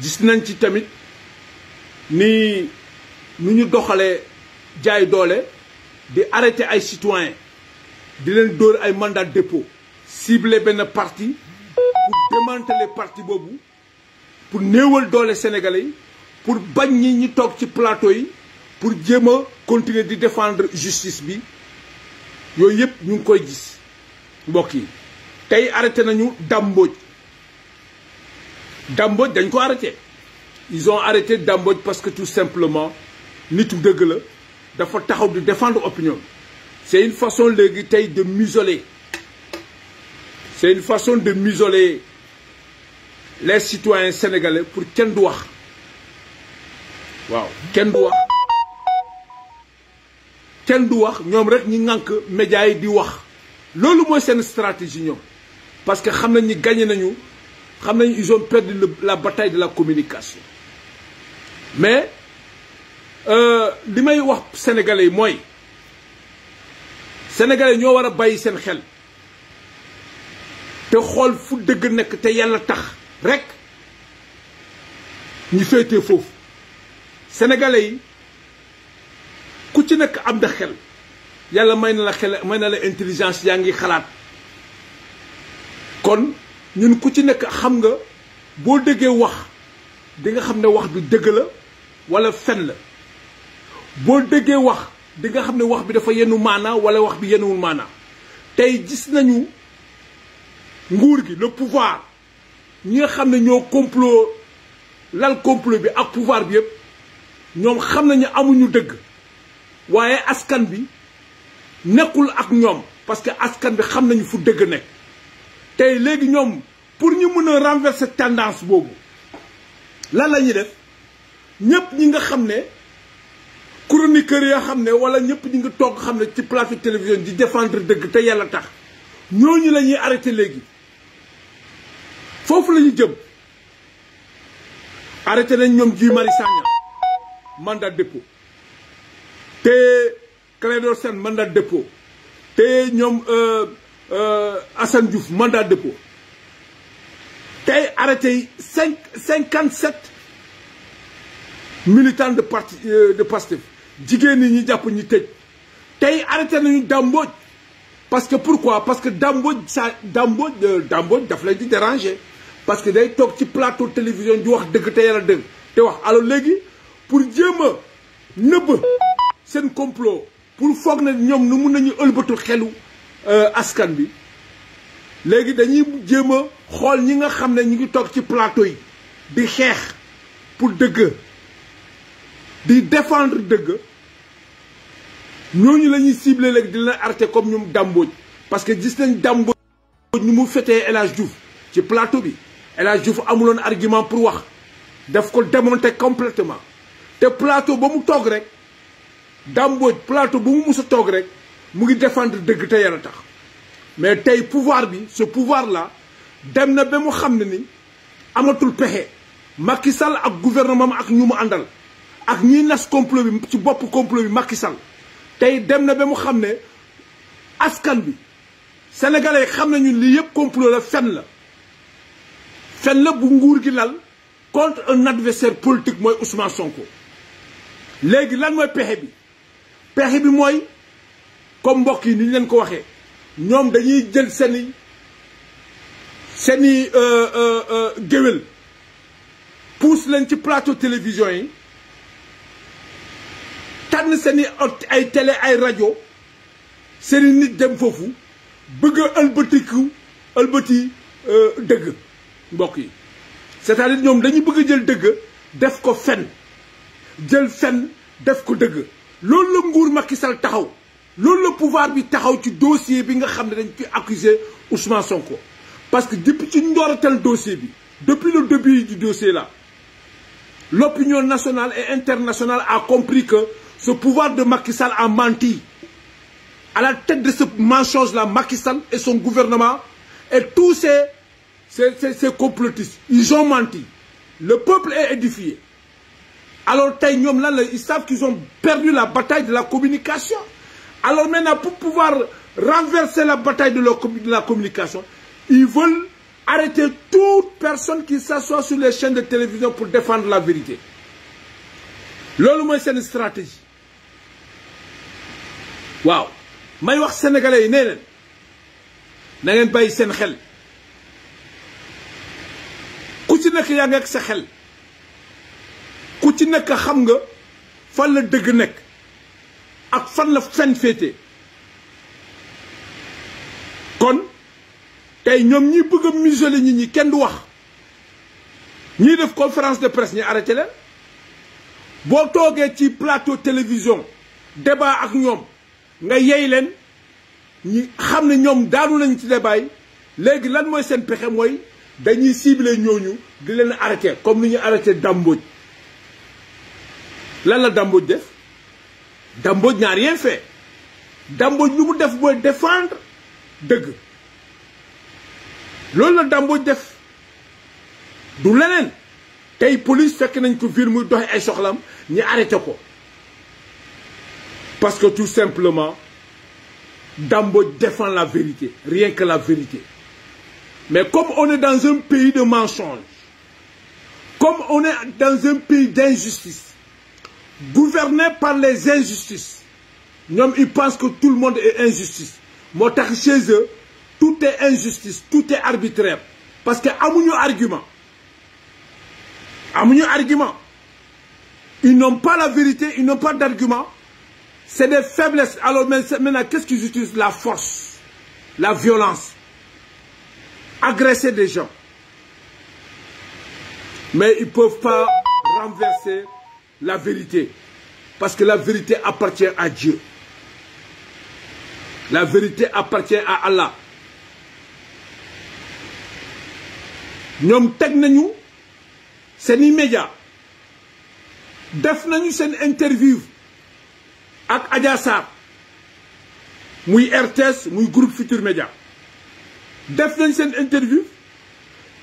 gis nañ ci tamit ni nu ñu doxalee jaay doole di arrêté ay citoyens di leen dóor ay mandat de dépôt benn parti pour démanteler parti boobu pour néewal doole sénégalais yi pour bañ ñi ñu toog ci plateau yi pour jéem a continuer di défendre justice bi yooyu yëpp ñu ngi koy gis mbokk yi tey arrêté nañu Dame Mbodj Damboj dañ ko arrêté ils ont arrêté Damboj parce que tout simplement nitu dëgg la dafa taxaw di défendre opinion c'est une façon léegi tey de museler c'est une façon de museler les citoyens sénégalais pour kenn du wax waaw kenn du wax kenn du wax ñoom rek ñi ŋànk médias yi di wax loolu mooy seen stratégie ñoom parce que xam nañ ni gagné nañu xam nañu ils ont perdu la bataille de la communication mais euh, li may wax sénégale yi mooy sénégalais ñoo war a bàyyi seen xel te xool fu dëgg nekk te yàlla tax rek ñu féetee foofu sénégalais yi ku ci nekk am na xel yàlla may na la xel may na la intelligence yaa ngi xalaat kon ñun ku ci nekk xam nga boo déggee wax di nga xam ne wax bi dëgg la wala fen la boo déggee wax di nga xam ne wax bi dafa yenu maana wala wax bi yenuwul maana tey gis nañu nguur gi le pouvoir ñi nga xam ne ñoo complot lal complot bi ak pouvoir bi yëpp ñoom xam nañu amuñu dëgg waaye askan bi nekkul ak ñoom parce que askan bi xam nañu fu dëgg nekk tey léegi ñoom pour ñu mën a renversé tendance boobu lan lañu ñuy def ñëpp ñi nga xam ne kër yoo xam ne walla ñëpp ñi nga toog xam ne ci plateau télévision di défendre dëgg te yàlla tax ñooñu la ñuy arrêté léegi foofu la ñu jëm arrêté nañ ñoom Guy Marius Sagna mandat dépôt te Clédor Sène mandat dépôt te ñoom euh, Euh, Assane Diouf mandat de dépôt tey arrêté yi cinq cinquante sept militants de parti euh, de Pastef jigéen ñi ñu jàpp ñu tëj tey arrêté nañu Damboj parce que pourquoi parce que Damboj sa Damboj euh, Damboj daf lay di déranger parce que day toog ci plateau télévision di wax dëgg te yàlla dëgg te wax alors léegi pour jéem a nëbb seen complot pour foog na ñoom nu mun nañu ëlbatu xelu Euh, askan bi léegi dañuy jéem xool ñi nga xam ne ñu ngi toog ci plateau yi di xeex pour dëgg di défendre dëgg ñooñu la lañuy ciblé léegi di leen arrêté comme ñoom dàmbooj parce que gis nañ dàmbooj ñu mu fetee El Hadj ci plateau bi El Hadj amuloon argument pour wax daf ko démonté complètement te plateau ba mu toog rek dàmbooj plateau ba mu mus toog rek mu ngi defendre dëgg te a tax mais tey pouvoir bi ce pouvoir la dem na ba mu xam ne ni amatul pexe Macky Sall ak gouvernement ak ñu mu àndal ak ñiy nas complot bi ci bopp complot bi Macky Sall tey dem na ba mu xam ne askan bi sénégalais xam nañu lii yëpp complot la fen la fen la bu nguur gi lal contre un adversaire politique mooy Ousmane Sonko léegi lan mooy pexe bi pexe bi mooy. comme mbokk yi ni ñu leen ko waxee ñoom dañuy jël seeni seeni euh, euh, euh, géwél puus leen ci plateau télévision yi tànn seeni ay tele ay rajo seeni nit dem foofu bëgg a ëlbatiku ëlbati dëgg mbokk yi cest à ñoom dañuy bëgg a jël dëgg def ko fen jël fen def ko dëgg loolu la nguur Macky Sall taxaw loolu le pouvoir bi taxaw ci dossier bi nga xam ne dañ fi accuser Ousmane Sonko parce que depuis ci ndoortel dossier bi depuis le début du dossier là l'opinion nationale et internationale a compris que ce pouvoir de Macky Sall a menti à la tête de ce mensonge là Macky Sall et son gouvernement et tous ces ces ces, ces complotistes ils ont menti le peuple est édifié alors tey ñoom lan la ils savent qu'ils ont perdu la bataille de la communication Alors maintenant, pour pouvoir renverser la bataille de, la communication, ils veulent arrêter toute personne qui s'assoit sur les chaînes de télévision pour défendre la vérité. mooy une stratégie. waaw may wax sénégalais yi nee leen na ngeen bàyyi seen xel ku ci nekk yaa ngi ak sa xel ku ci nekk xam nga fan la dëgg nekk ak fan la fen féete kon tey ñoom ñi bëgg a museler ñi kenn du wax ñiy def conférence de presse ñi arrêté leen boo toogee ci plateau télévision débat ak ñoom nga yey leen ñi xam ne ñoom daanu nañ ci débat yi léegi lan mooy seen pexe mooy dañuy ciblé ñooñu di leen arrêté comme ni ñuy arrêté Dame lan la Dame def Damboj n'a rien fait Damboj lu mu def mooy défendre dëgg loolu la Damboj def du leneen tey police fekk nañ ko vir muy doxe ay soxlam ñu arrêté ko parce que tout simplement Damboj défend la vérité rien que la vérité mais comme on est dans un pays de mensonges comme on est dans un pays d'injustice gouverné par les injustices ñoom ils pensent que tout le monde est injustice moo tax chez eux tout est injustice tout est arbitraire parce que amuñu argument amuñu argument ils n'ont pas la vérité ils n'ont pas d'argument c'est des faiblesses alors maintenant qu'est-ce la force la violence agresser des gens mais ils peuvent pas renverser la vérité. Parce que la vérité appartient à Dieu. La vérité appartient à Allah. ñoom teg nañu seen i média def nañu seen interview ak Adja muy RTS muy groupe Futur Média def nañ seen interview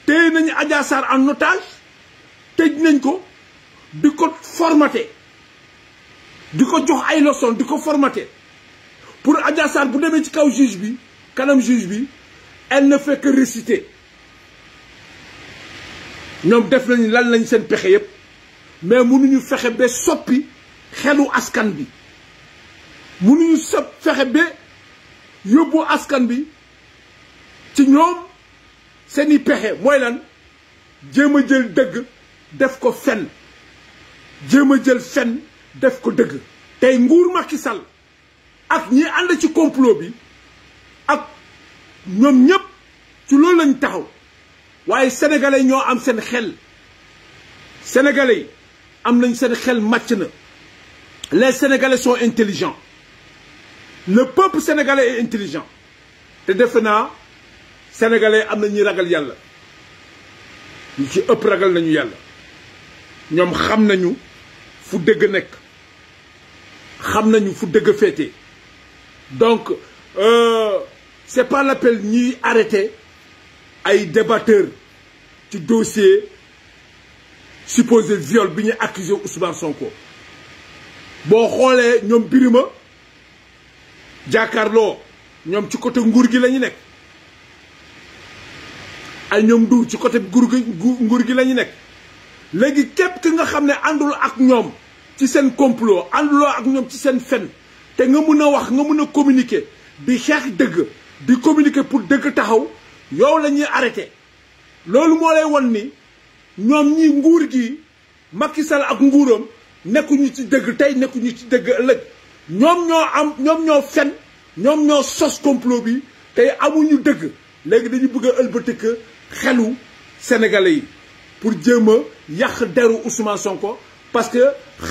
téye nañu Adja en otage tëj nañ ko di ko formaté di ko jox ay leçon di ko formaté pour Adja Sarr bu demee ci kaw juge bi kanam juge bi elle na fait que ñoom def nañu lan lañ seen pexe yépp mais mënuñu fexe ba soppi xelu askan bi ñu sop fexe ba yóbbu askan bi ci ñoom seeni pexe mooy lan jéem a jël dëgg def ko fenn jéem a jël fen def ko dégg tey nguur Macky Sall ak ñi ànd ci complot bi ak ñoom ñëpp ci loolu lañ taxaw waaye sénégalais ñoo am seen xel sénégalais am nañ seen xel màcc na les sénégalais sont intelligents le peuple sénégalais est intelligent te defe naa sénégalais am na ñuy ragal yàlla ñu ci ëpp ragal nañu yàlla ñoom xam nañu fu dëgg nekk xam nañu fu dëgg féete donc euh, c'est pas l'appel ñuy arrêté ay débatteurs ci dossier supposé viole bi ñu accusé Ousmane ko boo xoolee ñoom Birima jàkkaarloo ñoom ci côté nguur gi la ñu nekk ay ñoom du ci côté nguur gi nguur gi la ñu nekk léegi képp ki nga xam ne àndul ak ñoom ci seen complot ànduloo ak ñoom ci seen fen te nga mun a wax nga mun a communiquer di xeex dëgg di communiquer pour dëgg taxaw yow la ñuy loolu moo lay won ni ñoom ñi nguur gi Macky Sall ak nguuram nekkuñu ci dëgg tey nekkuñu ci dëgg ëllëg ñoom ñoo am ñoom ñoo fen ñoom ñoo sos complot bi tey amuñu dëgg léegi dañu bëgg a ëlbatik xelu sénégalais yi pour jéem a yàq deru Ousmane Sonko parce que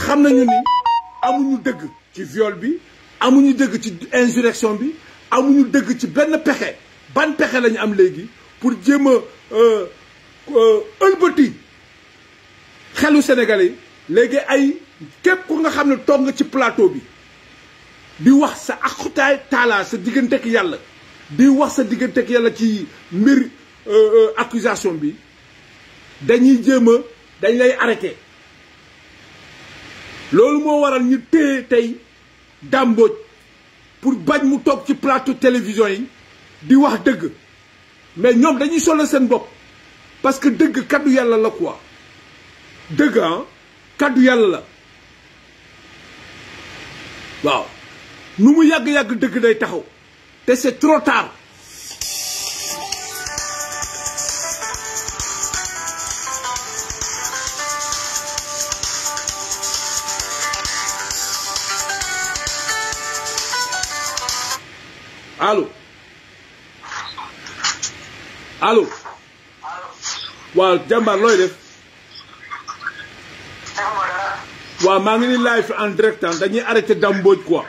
xam nañu ni amuñu dëgg ci viol bi amuñu dëgg ci insurrection bi amuñu dëgg ci benn pexe ban pexe lañu am léegi pour jéem a euh, euh, ëlbati xelu Sénégalais yi léegi ay képp ku nga xam ne toog nga ci plateau bi di wax sa aqutaay taala sa digganteeg yàlla di wax sa digganteeg yàlla ci mbir euh, accusation bi dañuy jéem a dañ lay arrêté loolu moo waral ñu téye tey Dame pour bañ mu toog ci plateau télévision yi di wax dëgg mais ñoom dañuy solo seen bopp parce que dëgg kàddu yàlla la quoi dëgg ah kaddu yàlla la waaw nu mu yàgg-yàgg dëgg day taxaw te c'est trop tard allo allo waaw jàmbaar looy def waaw maa ngi ni live en direct dañuy arrêté damboj quoi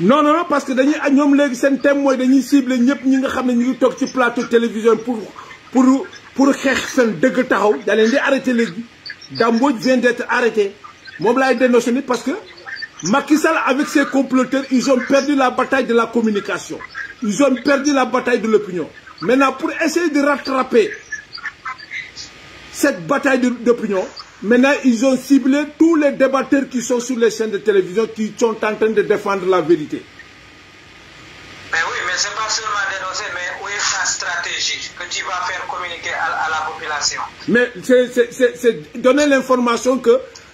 non non parce que dañuy ah, ñoom léegi seen thème mooy dañuy ciblé ñëpp ñi nga xam ne ñu ngi toog ci plateau télévision pour pour pour xeex seen dëgg taxaw da di arrêté léegi damboj vient d'être arrêté moom laay dénoncé nit parce que Macky Sall avec ses comploteurs ils ont perdu la bataille de la communication ils ont perdu la bataille de l'opinion maintenant pour essayer de rattraper cette bataille d'opinion maintenant ils ont ciblé tous les débatteurs qui sont sur les chaînes de télévision qui sont en train de défendre la vérité mais à, mais c'est c'est c'est donner l'information que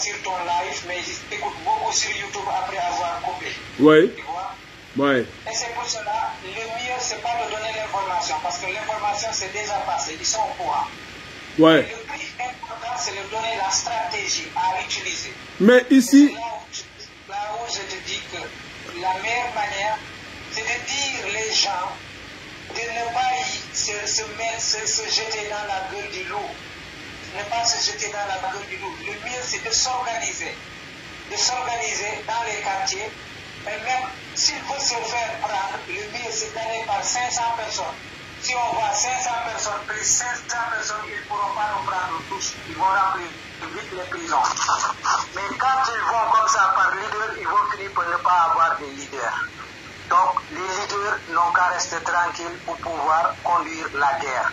sur ton live, mais ils beaucoup sur YouTube après avoir coupé. c'est pour cela, le mieux, c'est pas de donner l'information, parce que l'information, c'est déjà passé, ils sont au courant. Le plus important, c'est de donner la stratégie à utiliser. Mais ici... la meilleure manière, c'est de dire les gens de ne pas y, se, se, dans la gueule du loup. ne pas se jeter dans la gueule du loup. Le mieux, c'est de s'organiser. De s'organiser dans les quartiers. Et même s'il peut se faire prendre, le mieux, c'est d'aller par personnes. Si on voit personnes, plus personnes, ils ne pourront pas nous prendre tous. Ils vont remplir vite les prisons. Mais quand ils vont comme ça par leader, vont finir par ne pas avoir de leader. Donc les n'ont qu'à rester tranquilles pour pouvoir conduire la guerre.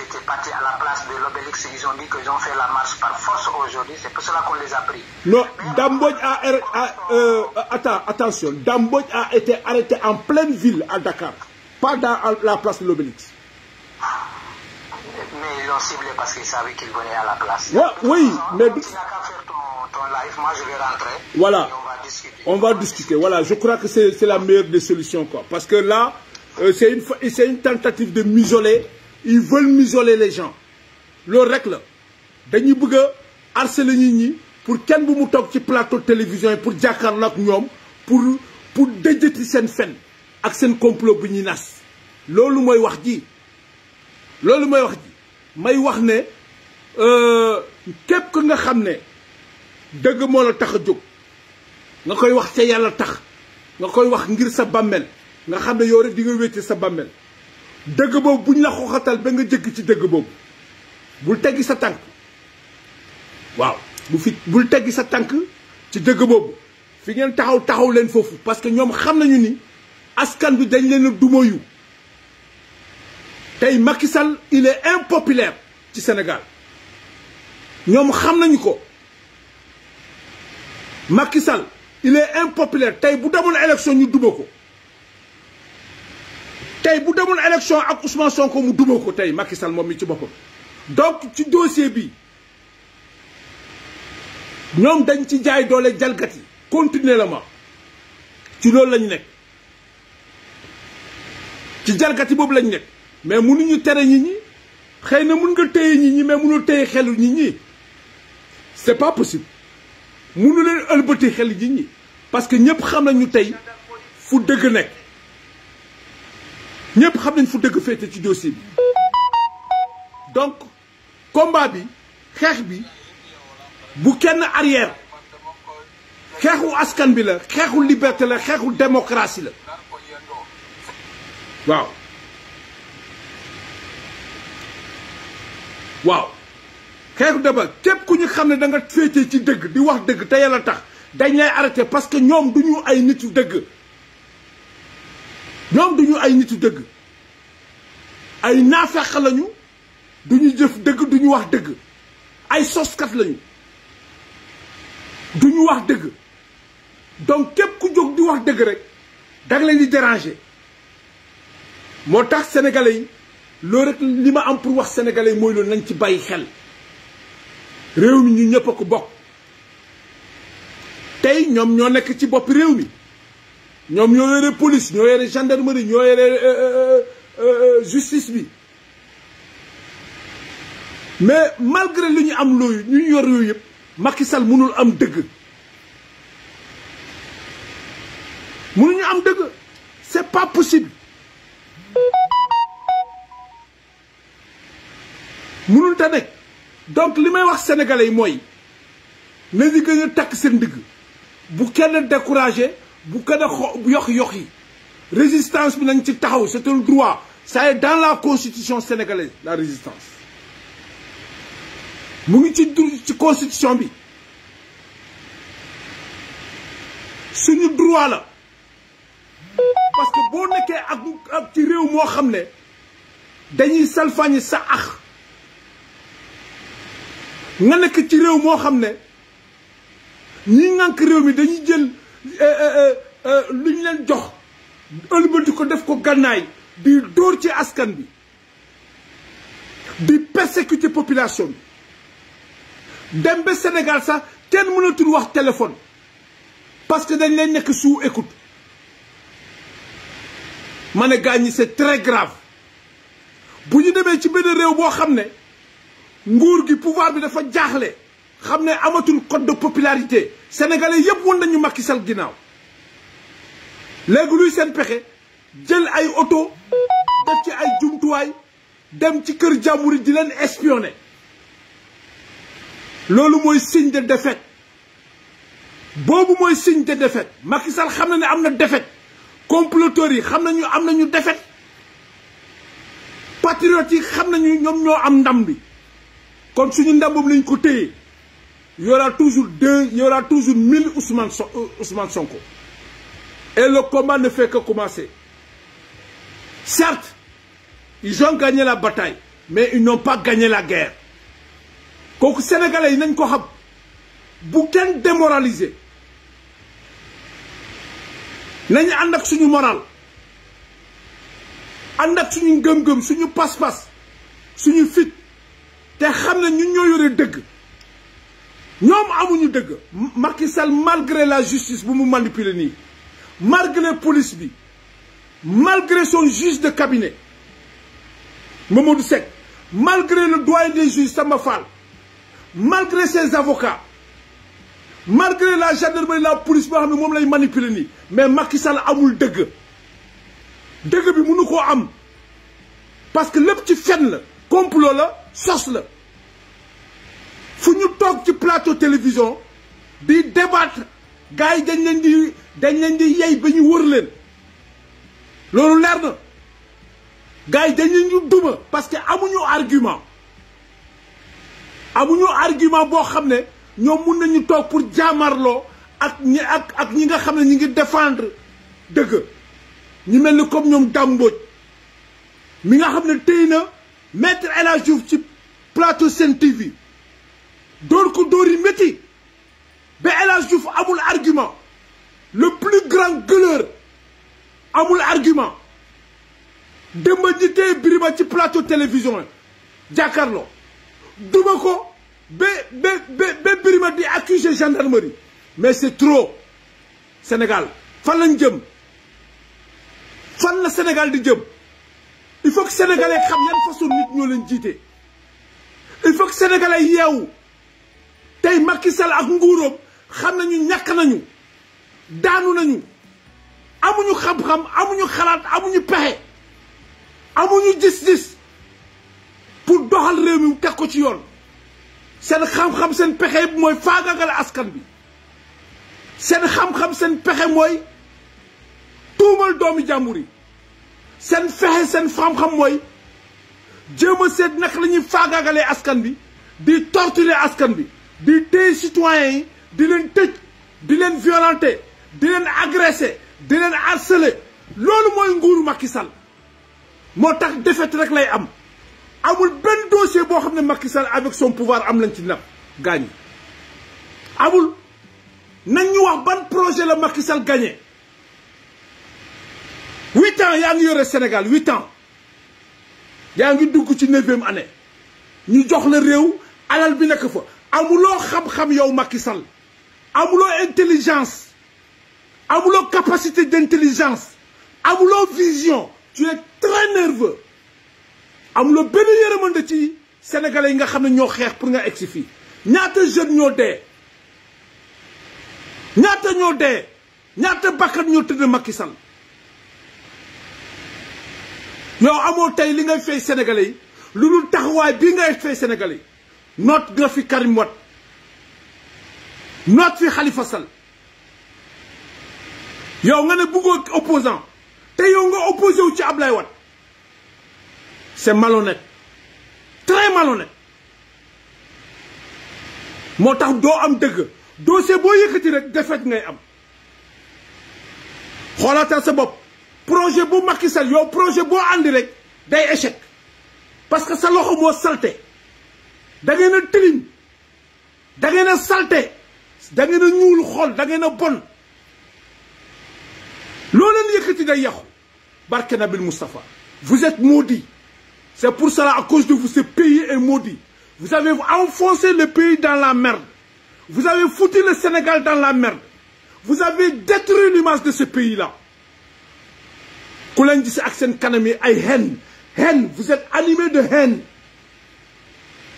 est parti à la place de l'obélix, ils ont dit qu'ils la marche par force aujourd'hui, c'est pour cela a pris. Non, Damboj a, a, er, a euh, attends, attention, été arrêté en pleine ville à Dakar, pas dans la place de l'obélix. parce oui, mais... on va discuter. voilà. Je crois que c'est la meilleure des solutions, Parce que là, euh, c'est une tentative de m'isoler ils veulent museler loolu rek la dañuy bëgg a harceler nit ñi pour kenn bu mu toog ci plateau télévision yi pour jàkkaarloo ak ñoom pour pour dëjëti seen fen ak seen complot bu ñuy nas loolu mooy wax ji loolu mooy wax ji may wax ne euh, képp ku nga xam ne dëgg moo la tax a jóg nga koy wax ca yàlla tax nga koy wax ngir sa bàmmeel nga xam ne yow rek di nga wéete sa bàmmeel dëgg boobu buñ la xoxatal ba nga jëgg ci dëgg boobu bul teggi sa tànk waaw bu fi bul teggi sa tànk ci dëgg boobu fi ngeen taxaw taxaw leen foofu parce que ñoom xam nañu ni askan bi dañ leen a dumoyu tey Macky Sall il est impopulaire ci senegal ñoom xam nañu ko Macky Sall il est impopulaire tey bu demul élection ñu duma ko tey bu demul élection ak Ousmane Sonko mu duma ko tey Macky Sall moom mi ci boppam donc ci dossier bi ñoom dañ ci jaay doole jalgati continuellement ci loolu lañu nekk ci jalgati boobu lañu nekk mais mënuñu tere ñi ñi xëy na mun nga téye nit ñi mais mënoo téye xelu nit ñi c'est pas possible mënu leen ëlbati xel nit ñi parce que ñëpp xam nañu tey fu dëgg nekk ñëpp xam nañ fu dëgg féete ci dossier bi donc komba bi xeex bi bu kenn arrière xeexu askan bi la xeexu liberté la xeexu démocratie la waaw waaw xeexu daba képp ku ñu xam ne danga nga féete ci dëgg di wax dëgg te yàlla tax dañ lay arrêté parce que ñoom du ñu ay nit dëgg ñoom duñu ay nitu dëgg ay naafeq lañu duñu jëf dëgg duñu wax dëgg ay soskat lañu ñu wax dëgg donc képp ku jóg di wax dëgg rek danga leen di déranger moo tax sénégalais yi loolu rek li ma am pour wax sénégalais yi mooy loolu nañ ci bàyyi xel réew mi ñu ñëpp a ko bokk tey ñoom ñoo nekk ci bopp réew mi ñoom ñoo yore police ñoo yore gendarmerie ñoo yore euh, euh, euh, justice bi mais malgré li ñu am looyu ñu yor yooyu yëpp Macky sal mënul am dëgg ñu am dëgg c'est pas possible mënul te nekk donc li may wax sénégalais yi mooy na ñu gën takk seen dëgg bu kenn découragé bu gën a xo yox yox yi résistance bi nañ ci taxaw c'est un droit ça est dans la constitution sénégalaise la résistance mu ngi ci ci constitution bi suñu droit la parce que boo nekkee ak ak ci réew moo xam ne dañuy salfañi sa ax nga nekk ci réew moo xam ne ñi nànk réew mi dañuy jël Eh, eh, eh, lu ñu leen jox ëlbati ko def ko gànnaay di dóor ci askan bi di persécuter population bi dem ba Sénégal sax kenn mënatul wax téléphone parce que dañ leen nekk sous écoute ma ne gaañ ñi c'est très grave bu ñu demee ci benn réew boo xam ne nguur gi pouvoir bi dafa jaaxle xam ne amatul code de popularité sénégalais yëpp woon nañu Macky Sall ginnaaw léegi luy seen pexe jël ay oto def ci ay jumtuwaay dem ci kër jàmbur di leen espionner loolu mooy signe de défaite boobu mooy signe de défaite Macky xam na ne am na defet comploteurs yi xam nañu am nañu defet patriotes yi xam nañu ñoom ñoo am ndam bi kon suñu ndam boobu lañ ko téye il toujours deux, il toujours mille Ousmane, euh, Ousmane Sonko. Et le combat ne fait que commencer. Certes, ils ont gagné la bataille, mais ils n'ont pas gagné la guerre. Donc, yi nañ ko xam bu kenn démoralisé. Ils ànd pas de morale. ànd ak suñu gëm gëm suñu pas-pas suñu fit te xam na ñu ñoo yore dëgg ñoom amuñu dëgg Macky Sall malgré la justice bu mu manipuler nii malgré police bi malgré son juge de cabinet Mamadou sec malgré le doyen des juges Samba Fall malgré ses avocats malgré la gendarmerie la police boo xam ne moom lay manipuler nii mais Macky Sall amul dëgg dëgg bi mënu koo am parce que lépp ci fen la complot la sos la fu ñu toog ci plateau télévision di débattre gars yi dañ leen dañ leen di yey ba ñu wër leen loolu leer na gars yi dañ leen di duma parce que amuñu argument amuñu argument boo xam ne ñoom mun nañu toog pour jaamarloo ak ñi ak ñi nga xam ne ñi ngi défendre dëgg ñu mel ni comme ñoom dàmbooj mi nga xam ne tey na maître et Hadji Diouf ci plateau Sen TV dóor ko dóor yi métti ba El Hadj Diouf amul argument le plus grand gueuleur amul argument démb ñi Birima ci plateau télévision yi jàkkaarloo duma ko ba Birima di accuser gendarmerie mais c'est trop Sénégal fan lañ jëm fan la Sénégal di jëm il faut que sénégalais xam yan façon nit ñoo leen jiite il faut que sénégalais tey Macky Sall ak nguuróom xam nañu ñàkk nañu daanu nañu amuñu xam-xam amuñu xalaat amuñu pexe amuñu gis-gis pour doxal réew mi teg ko ci yoon seen xam-xam seen pexe mooy faagagal askan bi seen xam seen pexe mooy tuumal doomi jàmbur yi seen fexe seen xam-xam mooy jéem a seet naka la ñuy faagagalee askan bi di torturer askan bi di téye citoyens yi di leen tëj di leen violenter di leen agresser di leen harceler loolu mooy nguuru Macky Sall moo tax défaite rek lay am amul benn dossier boo xam ne Macky Sall avec son pouvoir am lañ ci ndam gaañ amul nañ ñu wax ban projet la Macky Sall gagné huit ans yaa ngi yore Sénégal huit ans yaa ngi dugg ci neuvième année ñu jox la réew alal bi nekk fa amuloo xam-xam yow Macky Sall amuloo intelligence amuloo capacité d'intelligence amuloo vision tu es très nerveux amuloo benn yërëmande ci sénégalais yi nga xam ne ñoo xeex pour nga egsi fii ñaata jeune ñoo dee ñaata ñoo dee ñaata bakkan ñoo tëdd Macky Sall yow amoo tey li ngay fay sénégalais yi lu dul taxawaay bii ngay fay sénégalais yi noot nga fi Karim Wade noot fi xalifa Sall yow nga ne bëggoo opposant te yow nga opposé ci ci lay wat c'est malhonnête très malhonnête moo tax doo am dëgg dossier boo yëkkati rek défaite ngay am xoolaatal sa bopp projet bu makki Sall yow projet boo àndi rek day échec parce que sa loxo moo salté da ngeen a tëliñ da ngeen a salte da ngeen a ñuul xol da ngeen a bon loo leen yëkkati day yàqu barke Nabil Moustapha vous êtes maudits c'est pour cela à cause de vous ce pays est maudit vous avez enfoncé le pays dans la merde vous avez foutu le Sénégal dans la merde vous avez détruit l'image de ce pays là ku leen gis ak seen kanam ay haine haine vous êtes animé de haine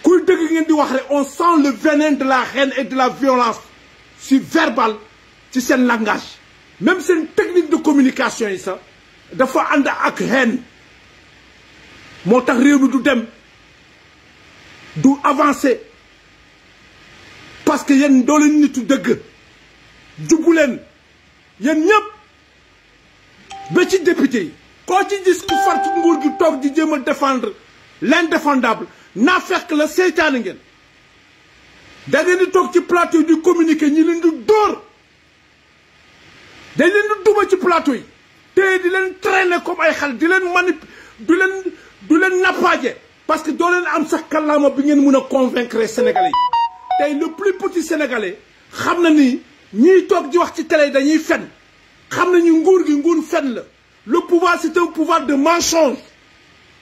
kuy dëgg ngeen di wax rek on sent le venin de la haine et de la violence si verbal ci seen langage même seen technique de communication yi sax dafa ànd ak haine moo tax réew mi du dem du avancer parce que yéen doo nitu dëgg jubbu leen yéen ñëpp ba ci député yi koo ci gis ku nguur gi toog di jéem a défendre l'indéfendable naa fekk la seytaane ngeen da ngeen di toog ci plateau di communiquer ñi leen di dóor dañ leen di duma ci plateau yi te di leen traîner comme ay xal di leen manip du leen du leen nappaaje parce que doo leen am sax kàllaama bi ngeen mën a convaincre sénégalais yi tey le plus petit sénégalais xam na ni ñiy toog di wax ci yi dañuy fen xam nañu nguur gi nguur fen la le pouvoir c'est un pouvoir de mensonge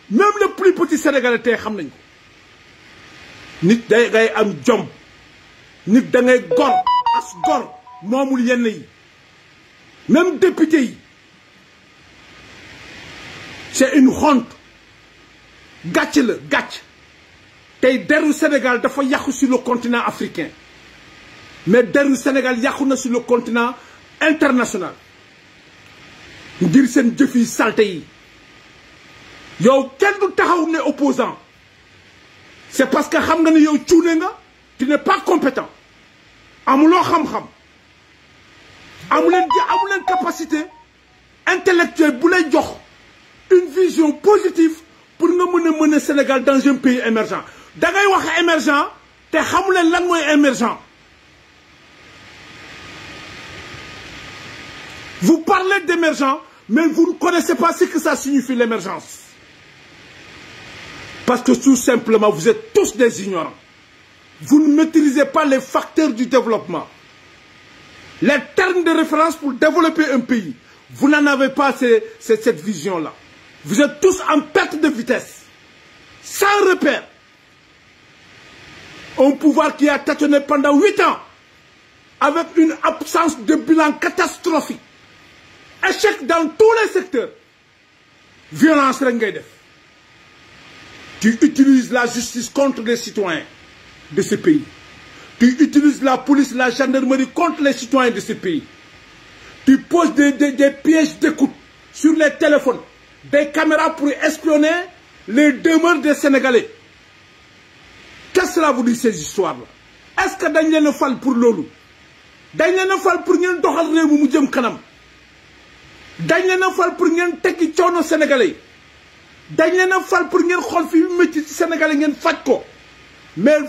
même le plus petit sénégalais tey xam nañ ko nit day am jom nit da gor as gor moomul yenn yi même député yi c'est une honte gàcc la gàcc tey deru Sénégal dafa yàqu sur le continent africain mais deru Sénégal yàqu na sur le continent international ngir seen jëf yi salte yi yow kenn du taxaw ne opposant c'est parce que xam nga ne yow cuune nga tu n'es pas compétent amuloo xam-xam amuleen amuleen capacité intellectuelle bu lay jox une vision positive pour nga mën a mën Sénégal dans un pays émergent da wax émergent te xamuleen lan mooy émergent vous parlez d'émergent mais vous ne connaissez pas ce que ça signifie l'émergence Parce que tout simplement, vous êtes tous des ignorants. Vous ne maîtrisez pas les facteurs du développement. Les termes de référence pour développer un pays. Vous n'en avez pas ces, ces, cette vision-là. Vous êtes tous en perte de vitesse. Sans repère. Un pouvoir qui a tâtonné pendant 8 ans. Avec une absence de bilan catastrophique. Échec dans tous les secteurs. Violence, rien Tu utilises la justice contre les citoyens de ce pays. Tu utilises la police, la gendarmerie contre les citoyens de ce pays. Tu poses des, des, des pièges d'écoute sur les téléphones, des caméras pour espionner les demeures des Sénégalais. Qu'est-ce que cela vous dit ces histoires-là? Est-ce que dañ leen a fal pour loolu dañ leen a fal pour ngeen doxal réew mu jëm kanam dañ leen a fal pour ngeen tekki coono Sénégalais dañ leen a fal pour ngeen xool fi métti ci Sénégal ngeen faj ko mais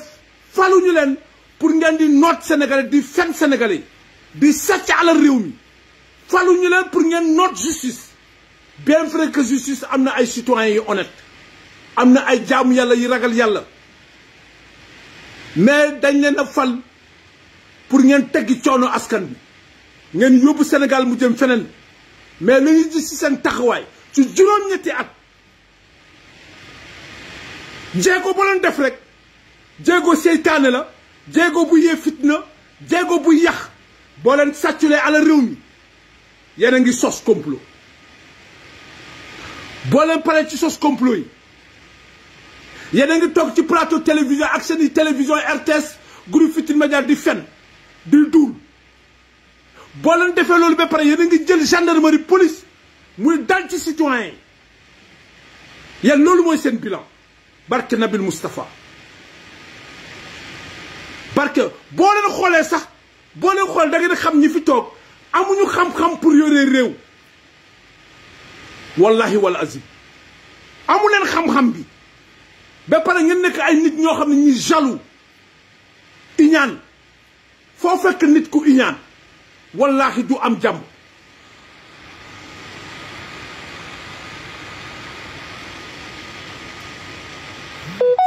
faluñu leen pour ngeen di noot Sénégalais di fen Sénégalais di sàcc alal réew mi faluñu leen pour ngeen noot justice bien vrai que justice am na ay citoyens yu honnête am na ay jaamu yàlla yi ragal yàlla mais dañ leen a fal pour ngeen teggi coono askan bi ngeen yóbbu Sénégal mu jëm feneen mais lu ñu gis ci seen taxawaay ci juróom-ñetti at. jéego ba def rek jéego seytaane la jéego bu yee fitna jéego bu yàq boo leen sàcculee alal réew mi yéen a ngi sos complot boo leen ci sos complot yi yéen ngi toog ci plateau télévision ak seen i télévision RTS groupe Futurs Médias di fen di duul booleen leen defee loolu ba pare yéen a ngi jël gendarmerie police muy dal ci citoyen yi yéen loolu mooy seen bilan barke Nabil Moustapha barke boo leen xoolee sax boo leen xoolee da ngeen xam ñi fi toog amuñu xam-xam pour yore réew wallahi wal azim amu leen xam-xam bi ba pare ngeen nekk ay nit ñoo xam ne ñuy jaloux iñaan foo fekk nit ku iñaan wallahi du am jàmm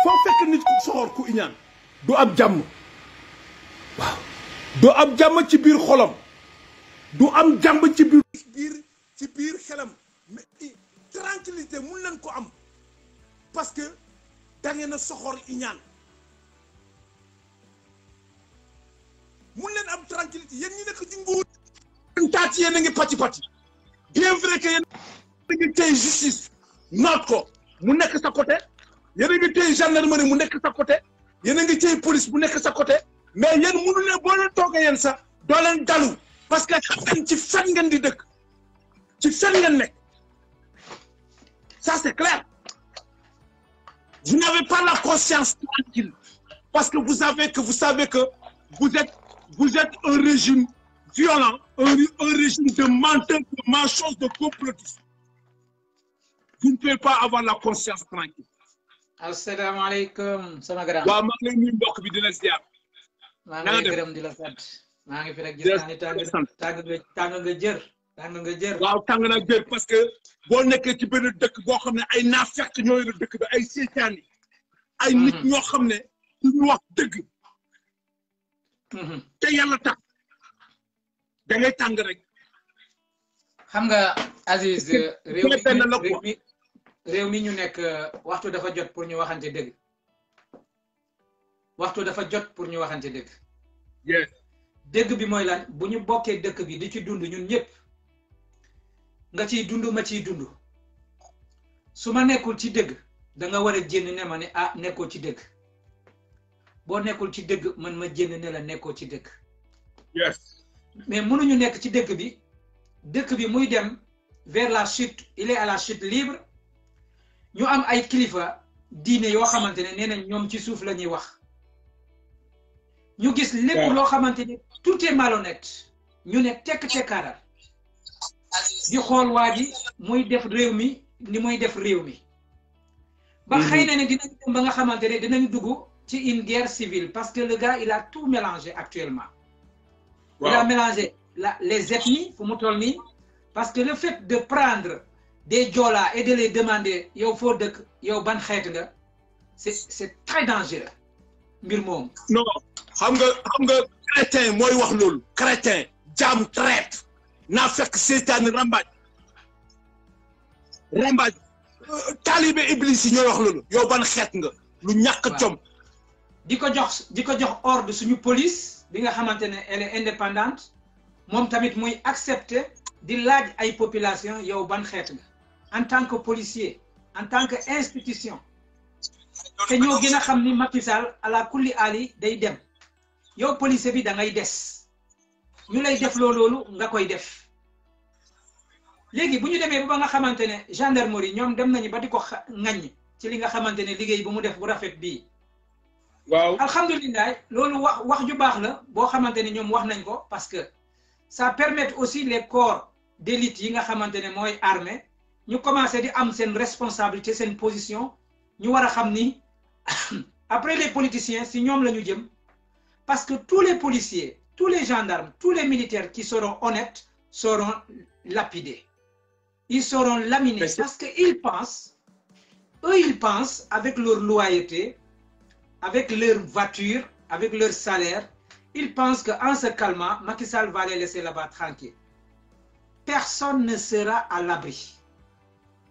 foo fekk nit ku soxor ku iñaan du ab jàmm waaw du am jàmm ci biir xolom du am jàmm ci biir ci biir xelam mais tranquillité mu leen ko am parce que da ngeen a iñaan mu leen ab tranquillité yéen ñi nekk ci nguur yéen taat yéen a ngi pati pati bien vrai que yéen a ngi justice naat ko mu nekk sa côté yéen a ngi téye gendarmerie mu nekk sa côté yéen a ngi téye police bu nekk sa côté mais yen mënu ne boo leen toogee yéen sax doo leen dalu parce que xam nañ ci fen ngeen di dëkk ci fen ngeen nekk ça c' est clair vous n'avez pas la conscience tranquille parce que vous savez que vous savez que vous êtes vous êtes un régime violent un, régime de menteur de malchance de complotiste vous ne pouvez pas avoir la conscience tranquille asalaamaaleykum sama grand. waaw maa ngi lay mbokk bi di la ziar. maa ngi lay gërëm ngi fi rek gis tàng nga tàng nga jër. tàng nga jër waaw tàng naa jër parce que boo nekkee ci benn dëkk boo xam ne ay naafeq ñoo yor dëkk bi ay seetaan yi. ay mhm. nit ñoo xam ne duñu wax dëgg. Mhm. te yàlla tax da ngay rek. xam nga Aziz réew mi réew mi ñu nekk euh, waxtu dafa jot pour ñu waxante dëgg waxtu dafa jot pour ñu waxante dëgg. dëgg bi mooy lan bu ñu bokkee dëkk bi di ci dund ñun ñëpp nga ciy dund ma ciy dund su ma nekkul ci dëgg danga war a jénn ne ma ne ah nekkoo ci dëgg boo nekkul ci dëgg man ma jénn ne la nekkoo ci dëgg. yes mais ñu nekk ci dëkk bi dëkk bi muy dem vers la chute il est la chute libre. ñu am ay kilifa diine yoo xamante ne nee nañ ñoom ci suuf la ñuy wax ñu gis lépp loo xamante ne tout est malhonnête ñu ne tekk tekkaaral di xool waa ji muy def réew mi ni muy def réew mi ba mhm. xëy na ne dinañ dem ba nga xamante ne dinañ dugg ci une guerre civile parce que le gars il a tout mélangé actuellement il a mélangé la les ethnies fu mu toll nii parce que le fait de prendre des joolaa et de demander yow foo dëkk yow ban xeet nga c'est c'est très dangereux mbir moom non xam nga xam nga crétin mooy wax loolu crétin jaam traite naa fekk seytaane rambaaj rambaaj euh, taalibe iblis yi ñooy wax loolu yow ban xeet nga lu ñàkk jom di ko jox di ko jox ordre suñu police bi nga xamante ne elle indépendante moom tamit muy accepter di laaj ay population yow ban xeet nga en tant que policier en tant que institution te ñoo gën a xam ni Macky Sall ala kulli ali day dem yow policier bi da ngay des ñu lay def loo loolu nga koy def léegi bu ñu demee ba nga xamante ne gendarmerie ñoom dem nañu ba di ko ŋaññ ci li nga xamante ne liggéey bu mu def bu rafet bii. waaw alhamdulilah loolu wax wax ju baax la boo xamante ne ñoom wax nañ ko parce que ça permet aussi les corps d'élite yi nga xamante ne mooy armée ñu commencé di am seen responsabilité seen position ñu war a xam ni après les politiciens si ñoom la ñu jëm parce que tous les policiers tous les gendarmes tous les militaires qui seront honnêtes seront lapidés ils seront laminés parce que ils pensent eux ils pensent avec leur loyauté avec leur voiture avec leur salaire ils pensent qu'en se calmant Macky Sall va les laisser là-bas tranquille personne ne sera à l'abri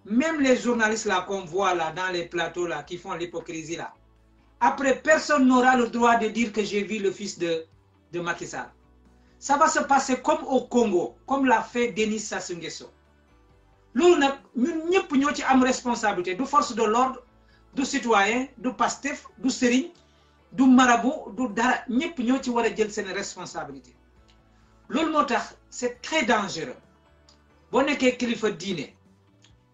même les journalistes la qu'on voit dans les plateaux là qui font l'hypocrisie là, après personne n'aura le droit de dire que j'ai vu le fils de, de Macky Sall. Ça va se passer comme au Congo, comme l'a fait Denis Sassou Nguesso. loolu nag ñun ñëpp ñoo ci am responsabilité du force de l'ordre du citoyen du pastef du sëriñ du marabu du dara ñëpp ñoo ci war a jël seen responsabilité loolu moo tax c'est très dangereux boo nekkee kilifa diine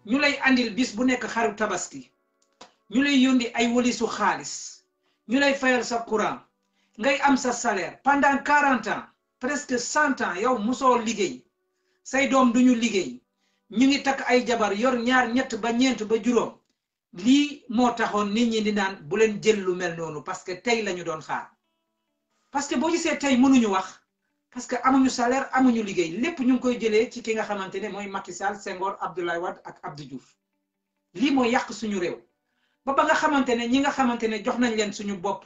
ñu lay andil bis bu nekk xaru tabaski ñu lay yóndi ay walisu xaalis ñu lay fayal sa courant ngay am sa salaire pendant quarante ans presque cent ans yow musoo liggéey say doom duñu liggéey ñu ngi takk ay jabar yor ñaar ñett ba ñeent ba juróom lii moo taxoon nit ñi di naan bu leen jël lu mel noonu parce que tey lañu doon xaar parce que boo gisee tey mënuñu wax parce que amuñu salaire amuñu liggéey lépp ñu ngi koy jëlee ci ki nga xamante ne mooy Macky Sall Senghor Abdoulaye wat ak Abdou Diouf lii mooy yàq suñu réew ba ba nga xamante ne ñi nga xamante ne jox nañ leen suñu bopp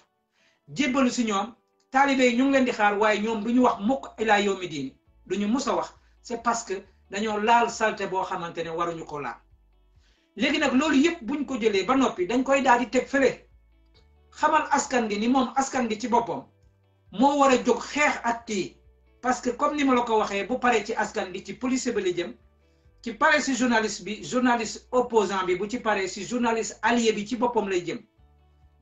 jébbalu si ñoom taalibe yi ñu ngi leen di xaar waaye ñoom du ñu wax mukk ilaa yawmi diini du ñu mus a wax c'est parce que dañoo laal salte boo xamante ne waruñu ko laal léegi nag loolu yëpp buñ ko jëlee ba noppi dañ koy daal di teg fële xamal askan gi ni moom askan gi ci boppam moo war a jóg xeex ak kii parce que comme ni ma la ko waxee bu paree ci askan bi ci policier ba lay jëm ci pare si journaliste bi journaliste opposant bi bu ci paree si journaliste allié bi ci boppam lay jëm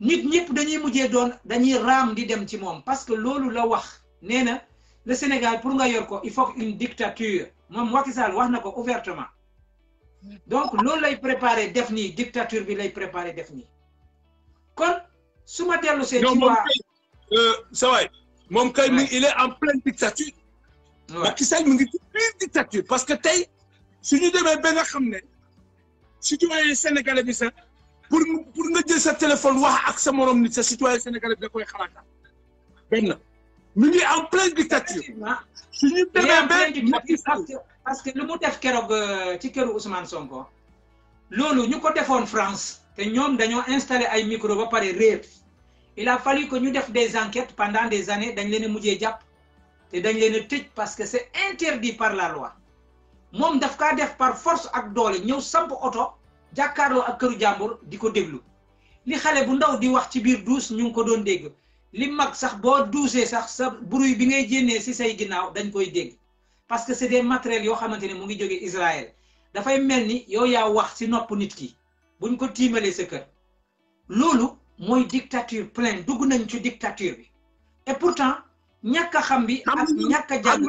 nit ñëpp dañuy mujje doon dañuy raam di dem ci moom parce que loolu la wax nee na le Sénégal pour nga yor ko il faut une dictature moom Macky wax na ko ouvertement donc loolu lay préparer def nii dictature bi lay préparer def nii kon su ma dellu see ci waa sawaay euh, moom kay mu il est en pleine dictature. Macky Sall mu ngi ci pleine parce que tey su ñu demee ba nga xam ne si citoyen sénégalais bi sa pour pour nga jël sa téléphone wax ak sa morom nit sa citoyen sénégalais bi da koy xalaat benn mu ngi en pleine dictature. su ñu demee ba Macky parce que lu mu def keroog euh, ci këru Ousmane Sonko. loolu ñu ko defoon France te ñoom dañoo installé ay micro ba pare réer. il a fallu ñu def des enquêtes pendant des années dañ leen a mujjee jàpp te dañ leen a tëj parce que c'est interdit par la loi moom daf kaa def par force ak doole ñëw samp oto jàkkaarloo ak këru jàmbur di ko déglu li xale bu ndaw di wax ci biir duus ñu ngi ko doon dégg li mag sax boo duusee sax sa bruit bi ngay jénnee si say ginnaaw dañ koy dégg parce que c'est des matériels yoo xamante ne mu ngi jógee Israël dafay mel ni yow yaa wax si nopp nit ki buñ ko tiimalee sa kër mooy dictature pleine dugg nañ ci dictature bi et pourtant ñàkk xam bi ak ñàkk a jàng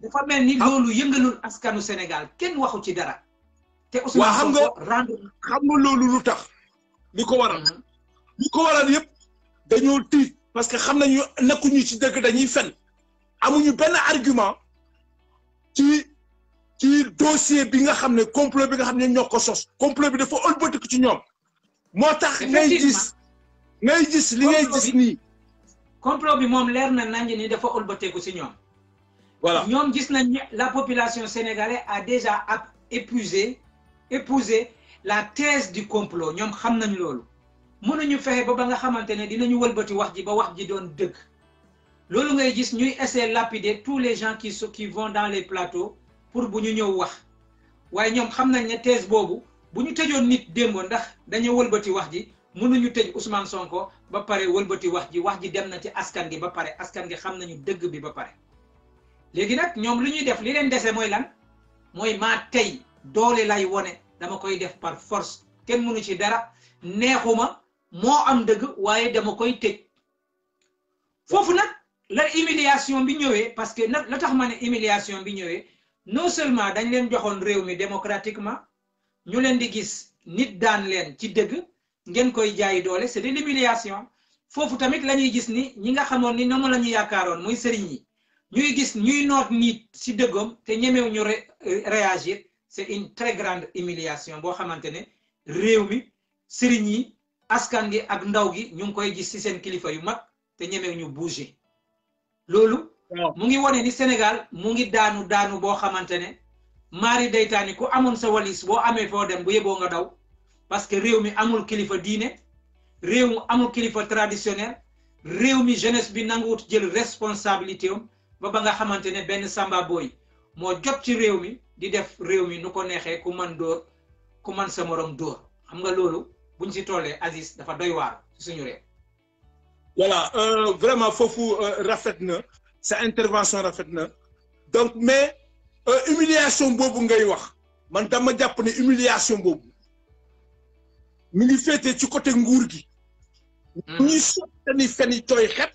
dafa mel ni loolu yëngalul askanu Sénégal kenn waxu ci dara te Ousmane xam nga xam nga loolu lu tax li ko waral mm-hmm. li ko waral yépp dañoo tiit parce que xam nañu nekkuñu ci dëgg dañuy fen amuñu benn argument ci ci dossier bi nga xam ne complot bi nga xam ne ñoo ko sos complot bi dafa ëlbatiku ci ñoom moo tax ngay gis ngay gis li ngay gis nii. complot bi moom leer na nañu ni dafa ëlbateeku si ñoom. voilà ñoom gis nañ la population sénégalaise a déjà ab épuisé épousé la thèse di complot ñoom xam nañ loolu. mënuñu fexe ba ba nga xamante ne dinañu wëlbati wax ji ba wax ji doon dëgg. loolu ngay gis ñuy essayer lapider tous les gens qui sont qui vont dans les plateaux pour bu ñu ñëw wax waaye ñoom xam nañ ne thèse boobu bu ñu tëjoon nit démb ndax dañu wëlbati wax ji. mënuñu tëj Ousmane Sonko ba pare wëlbati wax ji wax ji dem na ci askan gi ba pare askan gi xam nañu dëgg bi ba pare léegi nag ñoom lu ñuy def li leen dese mooy lan mooy maa tey doole lay wone dama koy def par force kenn mënu ci dara neexuma moo am dëgg waaye dama koy tëj foofu nag la humiliation bi ñëwee parce que nag la tax ma ne humiliation bi ñëwee non seulement dañ leen joxoon réew mi démocratiquement ñu leen di gis nit daan leen ci dëgg ngeen koy jaay doole c'est de l'humiliation foofu tamit la ñuy gis ni ñi nga xamoon ni noonu la ñu yaakaaroon muy sëriñ yi ñuy gis ñuy noot nit si dëggoom te ñemew ñu réagir c'est une très grande boo xamante ne réew mi sëriñ yi askan gi ak ndaw gi ñu ngi koy gis si seen kilifa yu mag te ñemew ñu bouger loolu mu ngi wane ni Sénégal mu ngi daanu daanu boo xamante ne maari daytaani ku amoon sa walis boo amee foo dem bu yeboo nga daw parce que réew mi amul kilifa diine réew mi amul kilifa traditionnel réew mi jeunesse bi nanguwut jël responsabilité am ba ba nga xamante ne benn samba booy moo jot ci réew mi di def réew mi nu ko neexee ku man dóor ku man sa morom dóor xam nga loolu buñ si tollee Aziz dafa doy waar ci suñu réew. voilà euh, vraiment foofu euh, rafet na sa intervention rafet na donc mais euh, humiliation boobu ngay wax man dama jàpp ne humiliation boobu. mi ngi féetee ci côté nguur gi. Hmm. ñuy soog seen i fen yi tooy xet.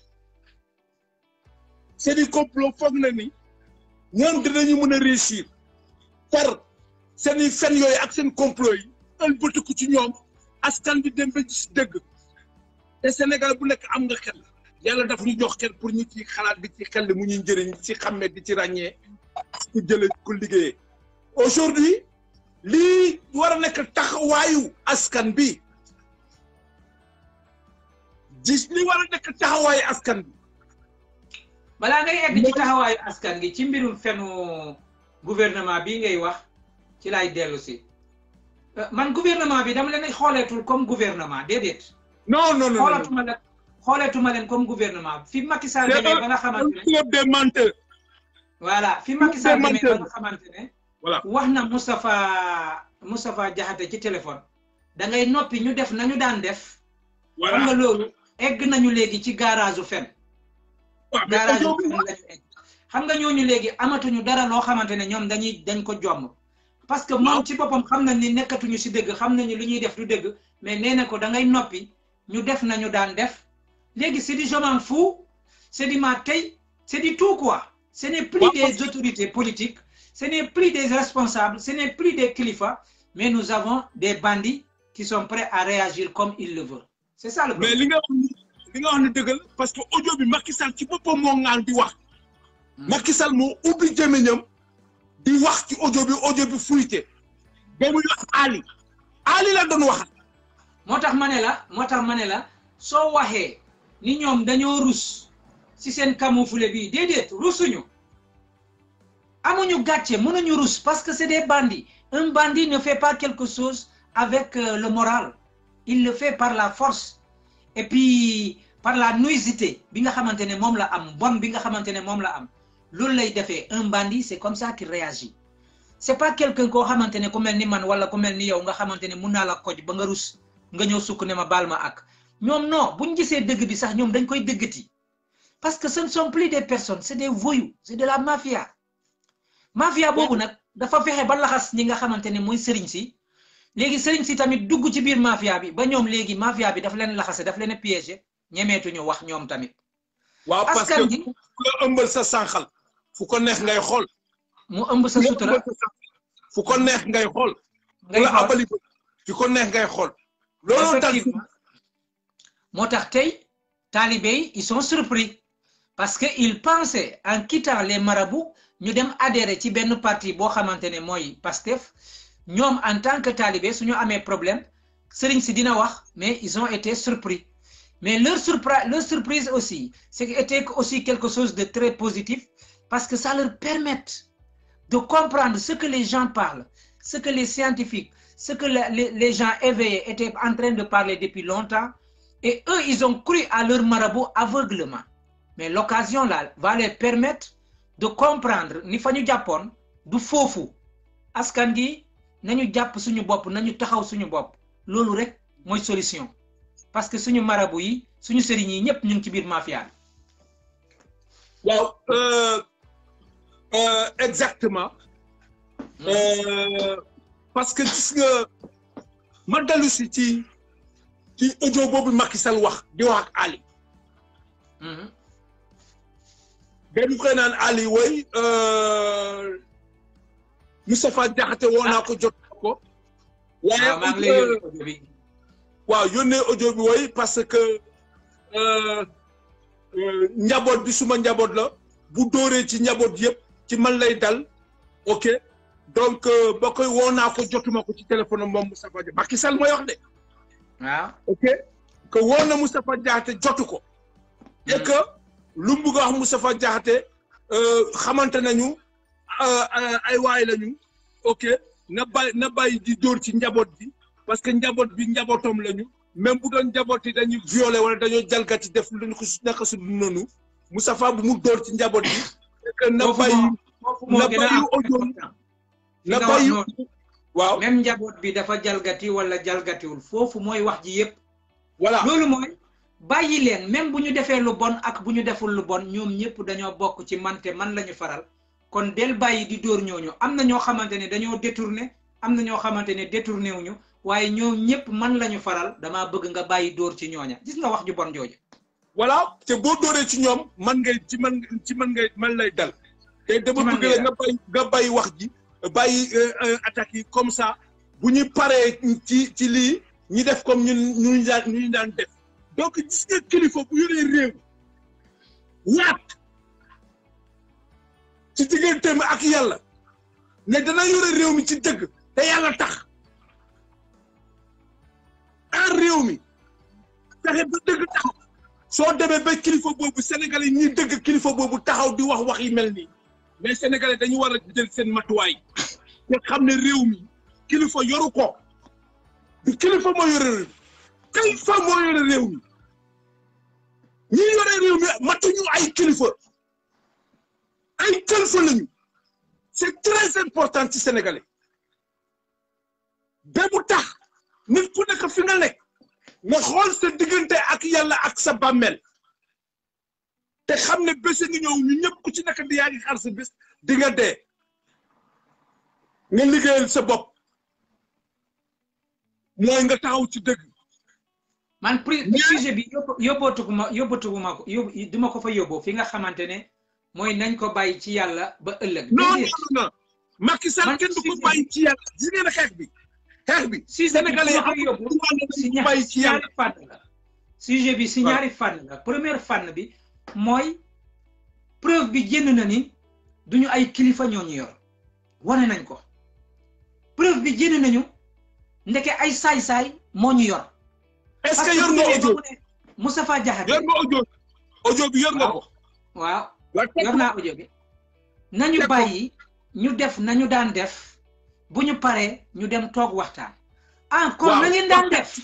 seen i complot foog na ni ñoom dinañu mën a réussir par seen i fen yooyu ak seen complot yi ëlbatiku ci ñoom askan bi dem ba gis dëgg te Sénégal bu nekk am nga xel. yàlla daf ñu jox xel pour ñu ci xalaat di ci xel mu ñuy njëriñ ci xàmme di ci ràññee ku jële ku liggéeyee aujourd'hui lii war a nekk taxawaayu askan bi gis li war a nekk taxawaayu askan balaa ngay egg ci taxawaayu askan gi ci mbirum fenu gouvernement bii ngay wax ci laay dellu si euh, man gouvernement bi dama leen xooleetul comme gouvernement déedéet. non non non xoolatuma leen xooleetuma leen comme gouvernement fi Macky Sall demee ba nga xamante ne. voilà fi Macky Sall demee ba nga xamante voilà wax na Moustapha Moustapha Diakhaté ci téléphone da ngay noppi ñu def nañu daan def. voilà xam nga loolu egg nañu léegi ci garage u fen. waaw xam nga ñooñu léegi amatuñu dara loo xamante ne ñoom dañuy dañ ko jomb. parce que moom ci boppam xam nañ ni nekkatuñu si dëgg xam nañu lu ñuy def du dëgg mais nee na ko da ngay noppi ñu def nañu daan def léegi c'est du je m'en fous c'est du ma tey c'est du tout quoi. ce n'est plus des autorités politiques. Ce n'est plus des responsables, ce n'est plus des califats, mais nous avons des bandits qui sont prêts à réagir comme ils le veulent. C'est ça le problème. Mais li nga wax li nga wax ne dëgg parce que audio bi Macky Sall ci boppam moo ngaan di wax. Hmm. Macky Sall moo ubbi gémmiñam di wax ci audio bi audio bi fuité. ba muy wax Ali. Ali la doon wax. moo tax ma ne la moo ma ne la soo waxee ni ñoom dañoo rus ci seen camoufle bii déedéet rusuñu amuñu gàcce mënuñu rus parce que c'est des bandits un bandit ne fait pas quelque chose avec euh, le moral il le fait par la force et puis par la nuisité bi nga xamante ne moom la am bon bi nga xamante ne moom la am loolu lay defee un bandit c'est comme ça qu'il réagit c'est pas quelqu'un koo xamante ne ku ni man wala ku ni yow nga xamante ne mun naa la koj ba nga rus nga ñëw sukk ma baal ma ak ñoom non buñ gisee dëgg bi sax ñoom dañ koy dëggati parce que ce ne sont plus des personnes c'est des voyous la mafia mafia boobu nag dafa fexe ba laxas ñi nga xamante ne mooy sëriñ si léegi sëriñ si tamit dugg ci biir mafia bi ba ñoom léegi mafia bi daf leen laxase daf leen piégé ñemeetuñu wax ñoom tamit. waaw parce que ëmbal sa sànqal fu ko neex ngay xool. mu ëmb sa sutura fu ko neex ngay xool. ngay xool abali fu ko neex ngay xool. looloo tax moo tax tey talibé yi ils sont surpris parce que ils pensaient en quittant les marabouts ñu dem adhérer ci benn parti boo xamante ne mooy PASTEF ñoom en tant que talibé su ñu amee problème sëriñ si dina wax mais ils ont été surpris mais leur surprise leur surprise aussi c'était aussi quelque chose de très positif parce que ça leur permet de comprendre ce que les gens parlent ce que les scientifiques ce que les, les gens éveillés étaient en train de parler depuis longtemps et eux ils ont cru à leur marabout aveuglement mais l'occasion là va les permettre de comprendre ni fa ñu jàppoon du foofu askan gi nañu jàpp suñu bopp nañu taxaw suñu bopp loolu rek mooy solution parce que suñu marabu yi suñu sëriñ yi ñëpp ñu ngi ci biir mafia bi. waaw euh, euh, exactement. Hmm. Euh, parce que gis nga ma dellu si ci ci audio boobu Macky Sall wax di wax ak Ali. Hmm. benn xëynaan Ali woy euh, Moustapha Diakhaté woo naa ko jot ko. waaw ah, maa ngi lay woy parce que euh, euh, njaboot bi suma njaboot la bu dóoree ci njaboot yëpp ci man lay dal ok donc ba koy woo naa ko jotuma ko ci téléphone moom Moustapha Diakhaté Macky Sall mooy wax de. waaw ah. ok que woo na Moustapha Diakhaté jotu ko. lu mu bugg a wax Moustapha Diakhaté euh, xamante nañu euh, euh, ay waay lañu ok na bàyyi na bàyyi di dóor ci njaboot bi parce que njaboot bi njabootam lañu même bu doon njaboot yi dañuy violé wala dañoo jalgati def lu ko naka su dul noonu Moustapha bu mu dóor ci njaboot bi que na bàyyi na bàyyi audio na njaboot bi dafa jalgati wala jalgatiwul foofu mooy wax ji yëpp voilà bàyyi leen même bu ñu defee lu bon ak bu ñu deful lu bon ñoom ñëpp dañoo bokk ci man te man la ñu faral kon del bàyyi di dóor ñooñu am na ñoo xamante ne dañoo détourné am na ñoo xamante ne détourné wuñu waaye ñoom ñëpp man lañu faral damaa bëgg nga bàyyi dóor ci ñooña gis nga wax ju bon jooju. voilà te boo dóoree ci ñoom man ngay ci man ci man ngay man lay dal. te dama bëgg la nga bàyyi wax ji bàyyi euh, euh, attaques yi comme ça bu ñu paree ci ci lii ñu def comme ñun ñu daan ñu daan def. donc gis nga kilifa bu yoree réew waat ci digganteem ak yàlla ne dana yore réew mi ci dëgg te yàlla tax aar réew mi fexe ba soo demee ba kilifa boobu sénégalais yi ñuy dëgg kilifa boobu taxaw di wax wax yi mel nii mais sénégalais dañu war a jël seen matuwaay te xam ne réew mi kilifa yoru ko du kilifa moo yore réew mi Khalifa moo yore réew mi ñi yore réew mi matuñu ay kilifa ay kilifa lañu c'est très important ci sénégalais ba mu tax nit ku nekk fi nga nekk nga xool sa diggante ak yàlla ak sa bàmmeel te xam ne bés ngi ñëw ñu ñëpp ku ci nekk di yaa ngi xaar sa bis di nga dee nga liggéeyal sa bopp mooy nga taxaw ci dëgg. man sujet bi yóbbootuguma yóbbootuguma ko yób duma ko fa yóbboo fi nga xamante ne mooy nañ ko bàyyi ci yàlla ba ëllëg. non non non Macky Sall kenn du ko bàyyi ci yàlla gis ngeen xeex bi. xeex bi si ñaari si la. première fànn bi mooy preuve bi génn na ni duñu ay kilifa ñoo ñu yor wane nañ ko preuve bi génn nañu ndeke ay saay-saay moo ñu yor. est ce que yor nga audio Moustapha Diakhaté yor nga audio audio bi yor nga ko. waaw yor naa audio bi. nañu bàyyi ñu def nañu daan def bu ñu paree ñu dem toog waxtaan. ah kon na ngeen daan def.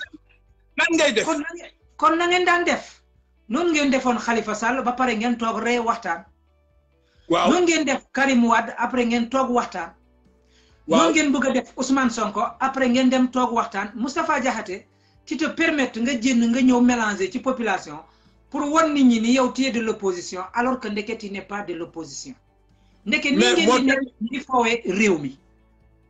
nan ngay def kon na ngeen daan def. noonu ngeen defoon Khalifa Sall ba pare ngeen toog ree waxtaan. waaw noonu ngeen def Karim Wade après ngeen toog waxtaan. waaw ngeen bëgg a def Ousmane Sonko après ngeen dem toog waxtaan Moustapha Diakhaté qui te permettent nga génn nga ñëw mélanger ci population pour wan ni ñi ni yow tu es de l'opposition alors que ndeket yi n'est pas de l'opposition ndeket ni ngeen di nekk di réew mi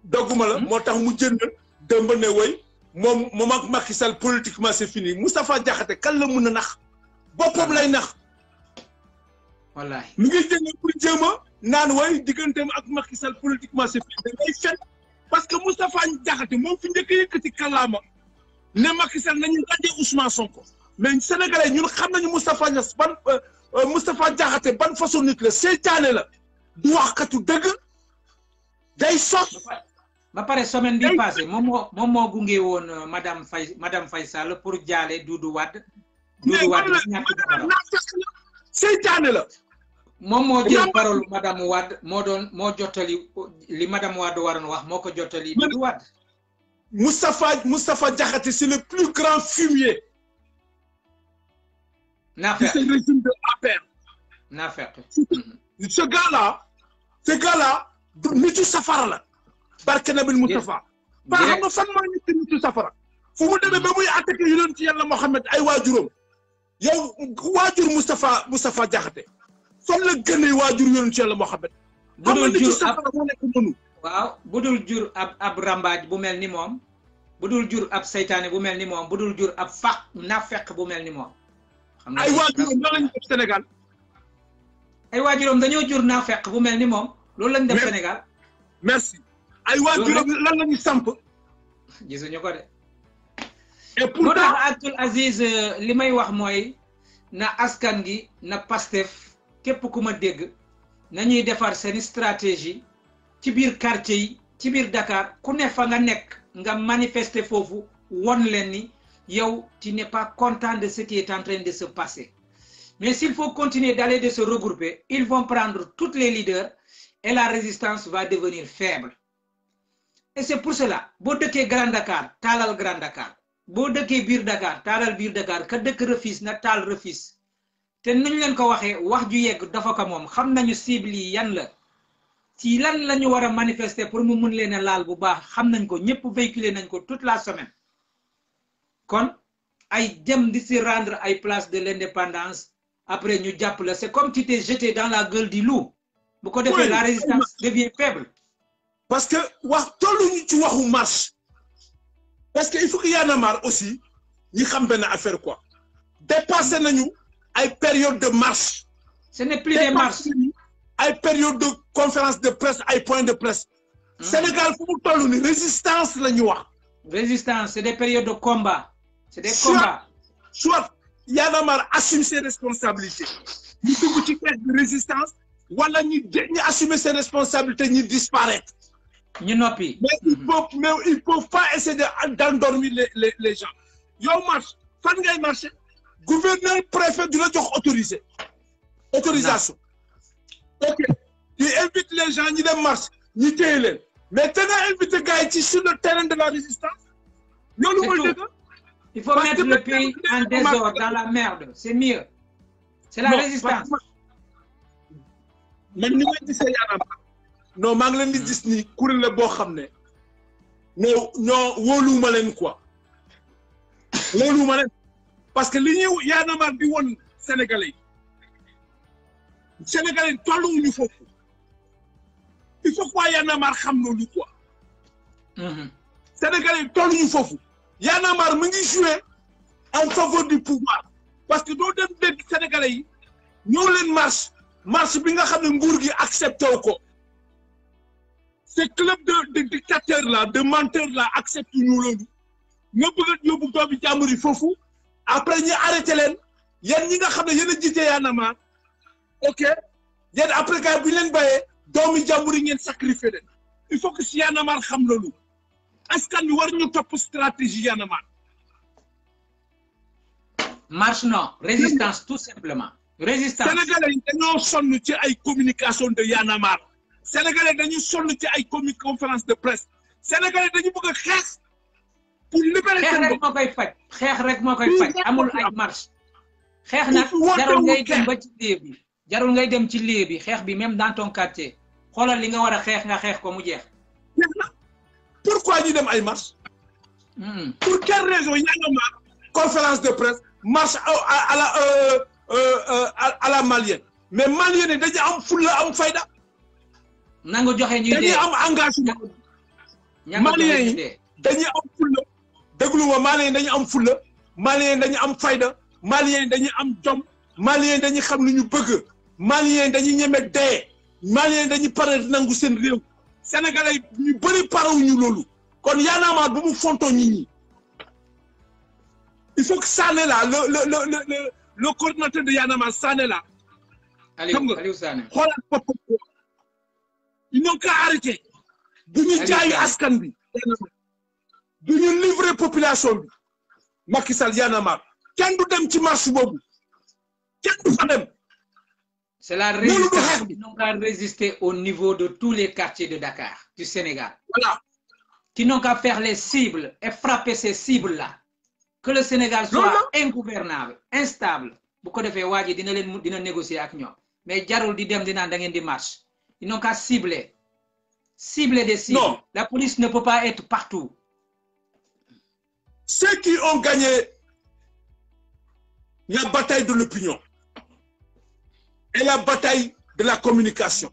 dogguma la hmm? moo tax mu jënd dëmb ne woy moom moom ak Macky Sall politiquement c'est fini Moustapha Diakhaté kan la mun a nax boppam lay nax wallaahi mi ngi jënd pour jéem a naan woy digganteem ak Macky Sall politiquement c'est fini da parce que Moustapha Diakhaté moom fi njëkk yëkkati kàllaama ne Macky Sall nañu dajee Ousmane Sonko mais sénégalais ñun xam nañu Moustapha Niass ban euh, Moustapha Diakhaté ban façon nit la seytaane la du wax katu dëgg day sos. ba pare semaine bi passé moom moo moom moo gunge woon euh, madame Faye madame Faye Sall pour jaale du Wade. Doudou Wade seytaane la. moom moo jël parole madame Wade moo doon moo jottali li madame Wade waroon wax moo ko jottali Doudou Wade. Moustapha Moustapha Diakhaté c'est le plus grand fumier. naafeq de ce régime de l'APR. naafeq. Mm-hmm. ce gars-là ce gars-là nitu safara la. barke nabil Moustapha. ba xam nga fan mu demee ba muy attaqué yonent yàlla Mouhamed ay waajuram. yow waajur Moustapha Moustapha Diakhaté fan la gënee waajur yonent yàlla Mouhamed. bu doon jur am xam nekk noonu. waaw bu dul jur ab ab rambaaj bu mel ni moom bu dul jur ab seytaane bu mel ni moom budul dul jur ab faq nafeq bu mel ni moom. xam nga ay waajuram loolu lañ def Sénégal. ay waajuram dañoo jur nafeq bu mel ni moom loolu lañ def Sénégal. merci ay waajuram lan la ñu samp. gisuñu ko de. et pourtant mu tax Abdoul Aziz euh, li may wax mooy na askan gi na Pastef képp ku ma dégg nañuy defar seen stratégie. ci biir quartier yi ci biir Dakar ku ne fa nga nekk nga manifester foofu won leen ni yow tu ne pas content de ce qui est en train de se passer mais s'il faut continuer d'aller de se regrouper ils vont prendre toutes les leaders et la résistance va devenir faible et c'est pour cela boo dëkkee Grand Dakar taalal Grand Dakar boo dëkkee biir Dakar taalal biir Dakar ka dëkk Rufisque na taal Rufisque te nuñ leen ko waxee wax ju yegg dafa ko moom xam nañu cible yi yan la ci lan la ñu war a manifester pour mu mun leen laal bu baax xam nañ ko ñëpp véhiculer nañ ko tout la semaine kon ay jëm di rendre ay place de l'indépendance après ñu jàpp la c'est comme tu t'es dans la gueule di loup bu ko defee la résistance devient faible parce que wax tolluñu ci waxu marche parce que il faut que Y en aussi ñi xam benn affaire quoi dépassé nañu ay période de marche ce n'est plus des marches ay période de conférence de presse ay point de presse. Mhm. Sénégal fu mu toll nii résistance la ñu wax. résistance c'est des périodes de combat. c'est des combats soit a marre assume ses responsabilités ñu dugg ci caisse de résistance wala ñu ñu assumer ses responsabilités ñu disparaître. ñu noppi. mais il mhm. faut mais il faut essayer d'endormir les les les gens yow marche fan ngay marché gouverneur préfet du la jox autorisé autorisation. ok ñu invite les gens ñu dem marche ñu téye mais te nga invité gars yi sur le terrain de la résistance. loolu mooy dëgg il faut en désordre dans la merde résistance. man ni may gisee maa ngi leen gis ni kuréel la boo xam ne ñoo ñoo wóoluwuma leen quoi parce que li ñuy yaanaamaat di woon Sénégalais yi tolluwuñu foofu il faut que Y'en xam loolu quoi. Mm-hmm. Sénégalais yi tolluñu foofu. Y'en a marre mu ngi joué en faveur parce que doo dem dégg Sénégalais yi ñoo leen marche marche bi nga xam ne nguur gi accepté wu ko ce club de de dictateur là de menteur la accepte ñu loolu nga bëgg a yóbbu doomi jàmbur yi foofu après ñu arrêté leen yéen ñi nga xam ne yéen a jiite Y'en a ok yéen après gars bu ñu leen bàyyee doomi jàmbur yi ngeen sacrifié leen il faut que si Y'en a marre xam loolu askan wi war ñu topp stratégie Y'en a marre. tout simplement. résistance sénégalais yi dañoo sonn ci ay communication de Y'en a marre sénégalais dañu sonn ci ay commu conférence de presse sénégalais dañu bëgg a xeex pour libérer seen bopp xeex rek moo koy faj. xeex rek moo koy faj amul ay marche. xeex nag dara ngay dem ba ci dee bi. jarul ngay dem ci lieu bi xeex bi même dans ton quartier xoolal li nga war a xeex nga xeex ko mu jeex. pourquoi ñu dem ay marche. Hmm. pour quelle raison yaa nga maar conférence de presse marche à la malien euh, euh, euh, la malienne mais malienne yi dañuy am fayda. nangu joxe ñuy dee dañuy am engagement. malien yi am fulla déglu ma malien yi am fulla malien yi am fayda malien yi am jom malien yi dañuy xam lu ñu bëgg. Maliens dañuy ñeme dee Maliens dañuy pare nangu seen réew Sénégalais ñu bëri parewuñu loolu kon Y'en a marre bu mu fontoo nit ñi il faut que Sané là le le le le de Y'en a marre Sané là. Aliou Aliou Sané askan bi. du ñu livrer population bi. Macky Sall Y'en dem ci marche boobu kenn C'est la résistance résister au niveau de tous les quartiers de Dakar, du Sénégal. Voilà. Qui n'ont qu'à faire les cibles et frapper ces cibles-là. Que le Sénégal soit non, non. ingouvernable, instable. Beaucoup de gens dina négocier avec nous. Mais jarul di dem dina da ngeen di marche. Ils n'ont qu'à des cibles. Non. La police ne peut pas être partout. Ceux qui ont gagné la bataille de l'opinion et la bataille de la communication.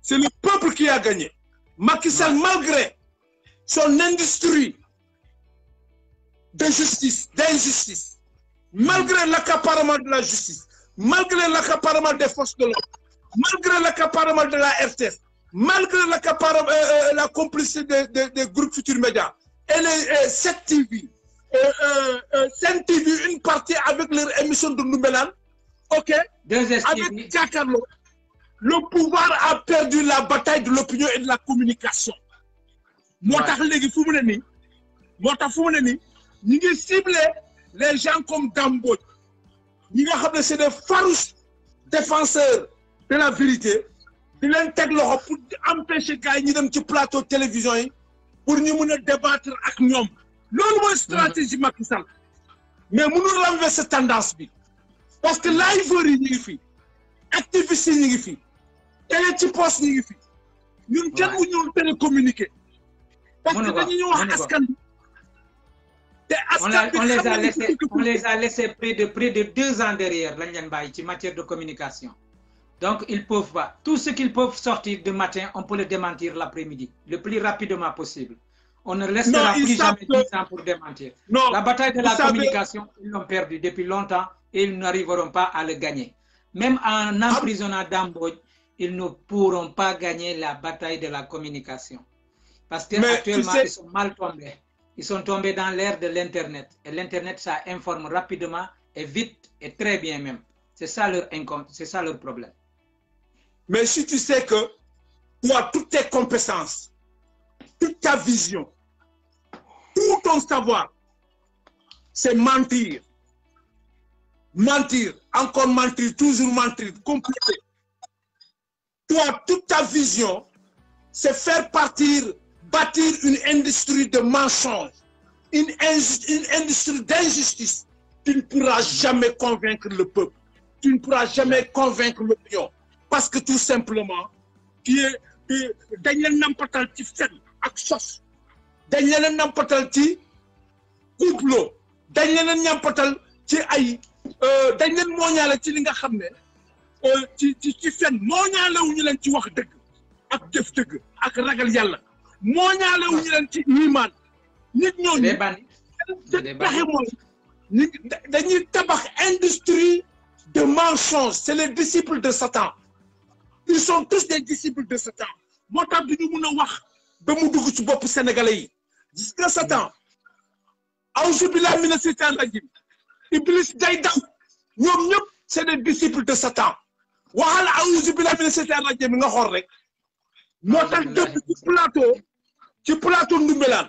C'est le peuple qui a gagné. Macky Sall, malgré son industrie d'injustice, d'injustice, malgré l'accaparement de la justice, malgré l'accaparement des forces de l'ordre, malgré l'accaparement de la RTS, malgré l'accaparement, euh, euh, la complicité des groupes futurs médias, et les 7 TV, et, euh, euh, euh, euh une partie avec leur émission de Noumelan, ok avec Jakaarlo le pouvoir a perdu la bataille de l'opinion et de la communication moo tax léegi fu mu ne nii moo tax fu mu ne nii ñu ngi ciblé les gens comme Damboj ñi nga xam ne c'est des farouches défenseurs de la vérité di leen teg loxo pour empêcher gars yi ñu dem ci plateau télévision yi pour ñu mun a débattre ak ñoom loolu mooy stratégie Macky Sall mais mënul renverser tendance bi parce que liveurs yi ñu ngi fi activistes yi ñu ngi fi télé ci poste ñu ngi fi. ñun kenn mu ñëw télécommuniquer. parce que dañu ñu laissé près de près de deux ans derrière lañ leen bàyyi ci matière de communication. donc ils peuvent tout ce qu'ils peuvent sortir de matin on peut le démentir l'après-midi le plus rapidement possible. on ne laissera plus jamais dix ans pour démentir. la bataille de la communication ils l'ont perdue depuis longtemps. et ils n'arriveront pas à le gagner. Même en emprisonnant Dambodj, ils ne pourront pas gagner la bataille de la communication. Parce qu'actuellement, tu sais... ils sont mal tombés. Ils sont tombés dans l'ère de l'Internet. Et l'Internet, ça informe rapidement et vite et très bien même. C'est ça leur c'est ça leur problème. Mais si tu sais que toutes tes compétences, toute ta vision, tout ton savoir, c'est mentir, mentir, encore mentir, toujours mentir, compléter. Toi, toute ta vision, c'est faire partir, bâtir une industrie de mensonges, une, industrie d'injustice. Tu ne pourras jamais convaincre le peuple. Tu ne pourras jamais convaincre l'opinion. Parce que tout simplement, tu es Daniel Nampatalti Fen, Axos. Daniel Nampatalti, Koudlo. Daniel Nampatalti, Aïe. Euh, dañ leen mooñaale ci li nga xam ne euh, ci ci ci fen mooñaalewuñu leen ci wax dëgg ak jëf dëgg ak ragal yàlla mooñaalewuñu leen ci iimaan nit ñooñu pexe mooy ñu dañuy tabax industrie de mensonge c'est les disciples de Satan ils sont tous des disciples de Satan moo tax du ñu mun wax ba mu dugg ci bopp sénégalais yi gis nga Satan awsu billahi mina seytaan rajim Iblis day daw ñoom ñëpp c'est des disciples de Satan waxal auzu billahi mina shaytaani rajiim bi nga xool rek moo tax dëpp ci plateau ci plateau Ndumbelaan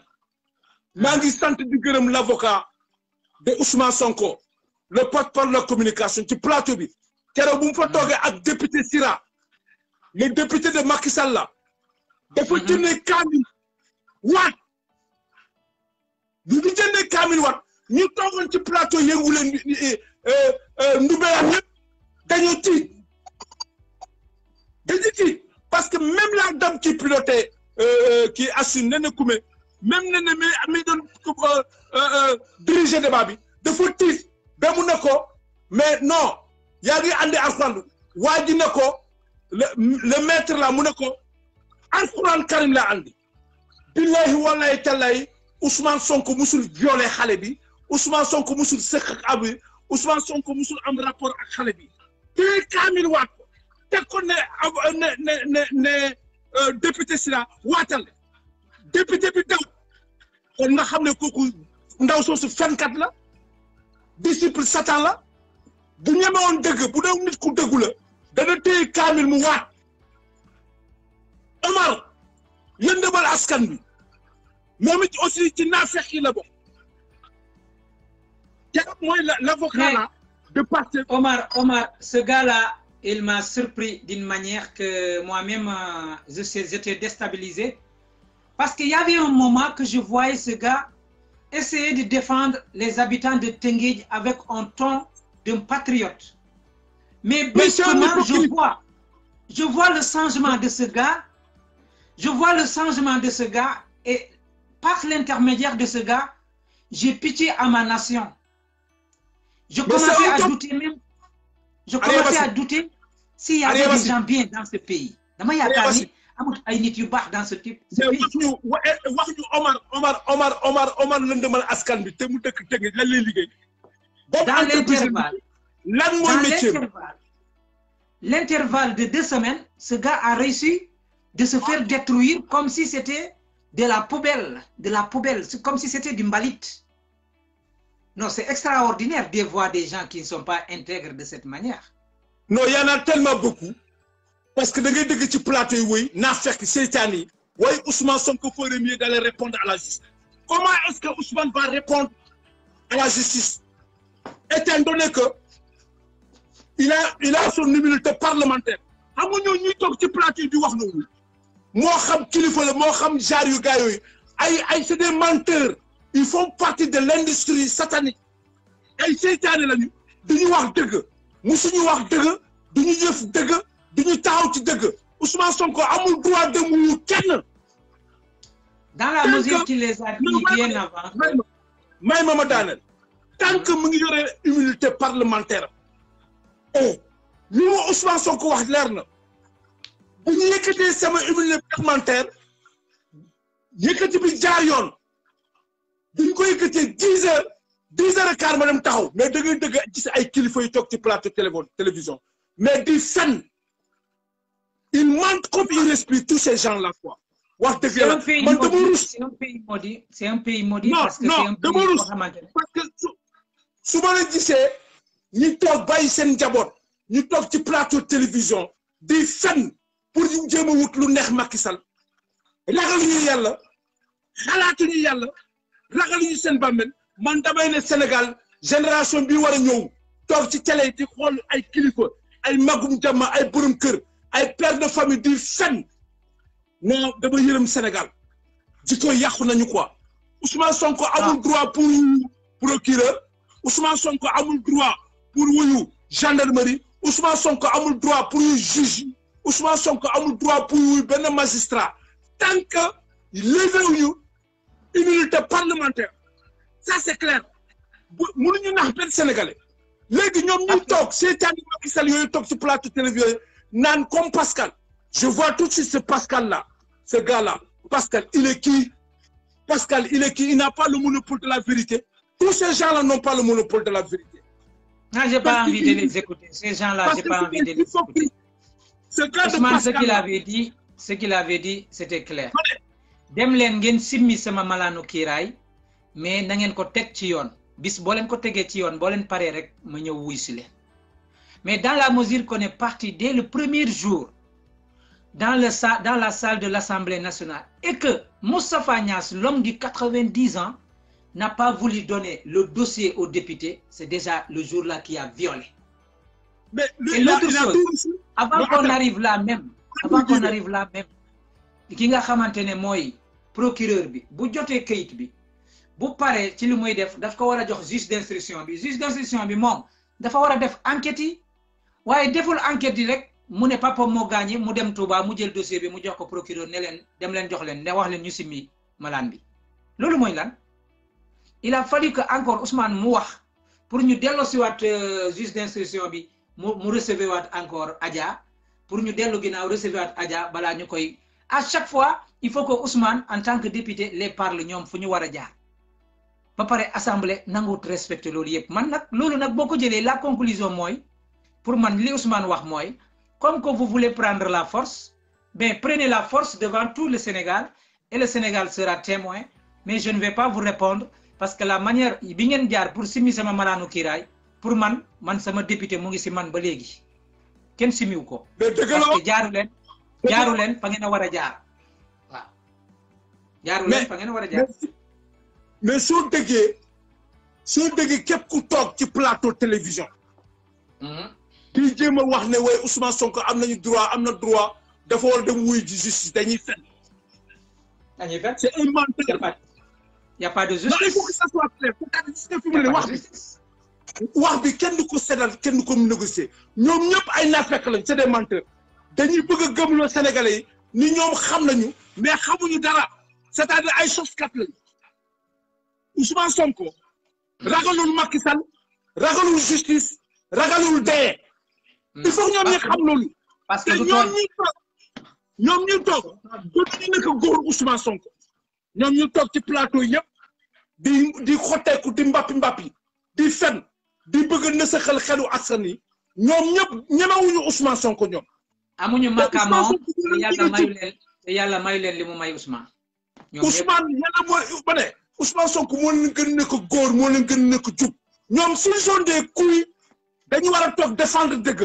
maa ngi sant di gërëm l'avocat de Ousmane Sonko le porte-parole de la communication ci plateau bi keroog bu mu fa toogee ak député Sira le député de Macky Sall la dafa mhm. jëndee kaamil waat bu ñu jëndee kaamil ñu toogoon ci plateau yëngu leen eh, eh, eh, ndumbelaan ñëpp dañu tiit dañu tiit parce que même la dame qui pilotait euh, euh, qui assure Néné Koumé même Néné mi mi doon euh, diriger débat bi dafa tiit mu ne ko mais non yaa andi alxuraan waa ji ko le maître la mu ne ko alxuraan karim la andi billahi wallahi tallahi Ousmane Sonko musul violé xale bi Ousmane Sonko musul sëq ak abi Ousmane Sonko musul am rapport ak xale bi te kaamil waat ko ko ne ne ne ne ne euh, député waatal député bi daw kon nga xam ne kooku ndaw soosu fenkat la disciple satan la bu ñemewoon dëgg bu doon nit ku dëggu la dana téye mu waat Omar yëndëmal askan bi moom it aussi ci naafeq yi la Diallo mooy l'avocat là de Pastef. Omar Omar ce gars-là il m'a surpris d'une manière que euh, je sais j'étais déstabilisé parce qu'il y avait un moment que je voyais ce gars essayer de défendre les habitants de Tengej avec un ton d'un patriote. Mais brusquement, je vois, je vois le changement de ce gars, le changement de ce gars, et par l'intermédiaire de ce gars, j'ai pitié à ma nation. Je commençais à douter même. s'il y avait des gens dans ce pays. dama yaakaar ni amul ay nit yu baax dans ce type. ce pays wax ñu wax eh, ñu Omar Omar Omar Omar Omar lan te mu dëkk te lan dans l'intervalle de deux semaines ce gars a réussi de se faire détruire comme si c'était de la poubelle de la poubelle comme si c'était du mbalit. Non, c'est extraordinaire de voir des gens qui ne sont pas intègres de cette manière. Non, il y en a tellement beaucoup. Parce que dans les plateau, oui, Nafek, Seytani, oui, Ousmane Sonko ferait mieux d'aller répondre à la justice. Comment est-ce que Ousmane va répondre à la justice Étant donné que il a, il a son immunité parlementaire. Nous avons un plateau du Wahnoul. Moi, je suis un kilifa, moi, je suis un C'est des menteurs. ils font partie de l'industrie satanique ay seytaane lañu duñu wax dëgg musuñu wax dëgg duñu jëf dëgg duñu taxaw ci dëgg Ousmane Sonko amul droit de mu kenn. dans la mesure qui les may ma ma daaneel tant mu ngi yore immunité parlementaire et eh, li ma wax leer na bu ñu yëkkatee sama immunité parlementaire yëkkati bi jaar yoon. di ko yëkkatee dix heures dix heures et quart ma dem taxaw mais da ngay dëgg gis ay kilifa yu toog ci plateau téléphone télévision mais di fen il manque comme il respire tous ces gens là quoi wax dëgg yàlla man dama rus c'est un pays maudit c'est un pays maudit parce que non non dama rus parce que su su ma la gisee ñu toog bàyyi seen njaboot ñu toog ci plateau télévision di fen pour ñu jéem a wut lu neex Macky Sall ragaluñu yàlla xalaatuñu yàlla ragaluñu seen bàmmeel man damay ne Sénégal génération bi war a ñëw toog ci télé di xool ay kilifa ay magum jàmma ay borom kër ay père de famille di fen non dama Sénégal di ko yàqu nañu quoi Ousmane Sonko ah. amul droit pour procureur Ousmane Sonko amul droit pour wuyu gendarmerie Ousmane Sonko amul droit pour yu juge Ousmane Sonko amul droit pour wuyu benn magistrat tant que levé immunité parlementaire ça c' est clair bu mënuñu nax benn sénégalais léegi ñoom ñu toog seetaan yi Macky Sall yooyu toog si plateau télévision naan comme Pascal je vois tout de suite ce Pascal là ce gars là Pascal il est qui Pascal il n'a pas le monopole de la vérité tous ces gens là n'ont pas le monopole de la vérité. non ah, j'ai pas envie de les écouter ces gens là j'ai pas envie de les écouter. ce gars de Pascal ce ce qu'il avait dit c'était clair. dem leen ngeen simmi sama malaanu kiiraay mais nangeen ko teg ci yoon bis boo leen ko tegee ci yoon boo leen paree rek ma ñëw wuy si mais dans la mesure qu'on est parti dès le premier jour dans le sa dans la salle de l'Assemblée nationale et que Moustapha Niasse l'homme du 90 ans n'a pas voulu donner le dossier au députés c'est déjà le jour-là qui a violé mais l'autre chose avant qu'on arrive là même avant qu'on arrive là même ki nga xamante ne mooy procureur bi bu jotee kayit bi bu paree ci li muy def daf ko war a jox juge d'instruction bi juge d'instruction bi moom dafa war a def enquête yi waaye deful enquête yi rek mu ne papa moo gaañe mu dem Touba mu jël dossier bi mu jox ko procureur ne leen dem leen jox leen ne wax leen ñu simmi malaan bi loolu mooy lan il a fallu encore Ousmane mu wax pour ñu delloo si waat euh, juge d'instruction bi mu mu recevoir waat encore Adja pour ñu dellu ginnaaw recevoir waat Adja balaa ñu koy à chaque fois il faut que Ousmane en tant que député les parle ñoom fu ñu war a jaar ba pare assemblée nanguut respecte loolu yëpp man nag loolu nag boo ko jëlee la conclusion mooy pour man li Ousmane wax mooy comme que vous voulez prendre la force mais prenez la force devant tout le Sénégal et le Sénégal sera témoin mais je ne vais pas vous répondre parce que la manière bi ngeen jaar pour simi sama malaanu kiiraay pour man man sama député mu ngi si man ba léegi kenn simiw ko parce leen jaaru leen fa ngeen a war a jaar jaarul leen fa ngeen war a mais soo dëggee soo déggee képp ku toog ci plateau télévision. Mhm. di jéem a wax ne way Ousmane sonk am nañu droit am na droit dafa war dem wuy ji justice dañuy fen. dañuy fen c'est un menteur. y' a pas de justice il faut que ça soit clair wax bi. wax bi kenn du ko seddal kenn du ko négocier ñoom ñëpp ay naafeq lañ c'est des menteurs dañuy bëgg a gëmloo Sénégalais yi ni ñoom xam nañu mais xamuñu dara. c'est-à-dire ay soskat lañu Ousmane Sonko ragalul Macky Sall ragalul justice ragalul dee. Hmm. il faut ñoom ñi xam loolu. parce que te ñoom ñuy toog ñoom ñuy toog dootuñu nekk góor Ousmane Sonko ñoom ñu toog ci plateau yëpp di di xotteeku di mbappi mbappi di fen di bëgg na saxal xelu askan yi ñoom ñëpp ñemewuñu Ousmane Sonko ñoom. amuñu makkaamaam te mayu leen te yàlla mayu li mu may Ousmane. Ousmane yàlla mooy ba ne Ousmane Sonko moo leen gën nekk góor moo leen gën nekk jub ñoom s'ils ont des couilles dañu war a toog défendre dëgg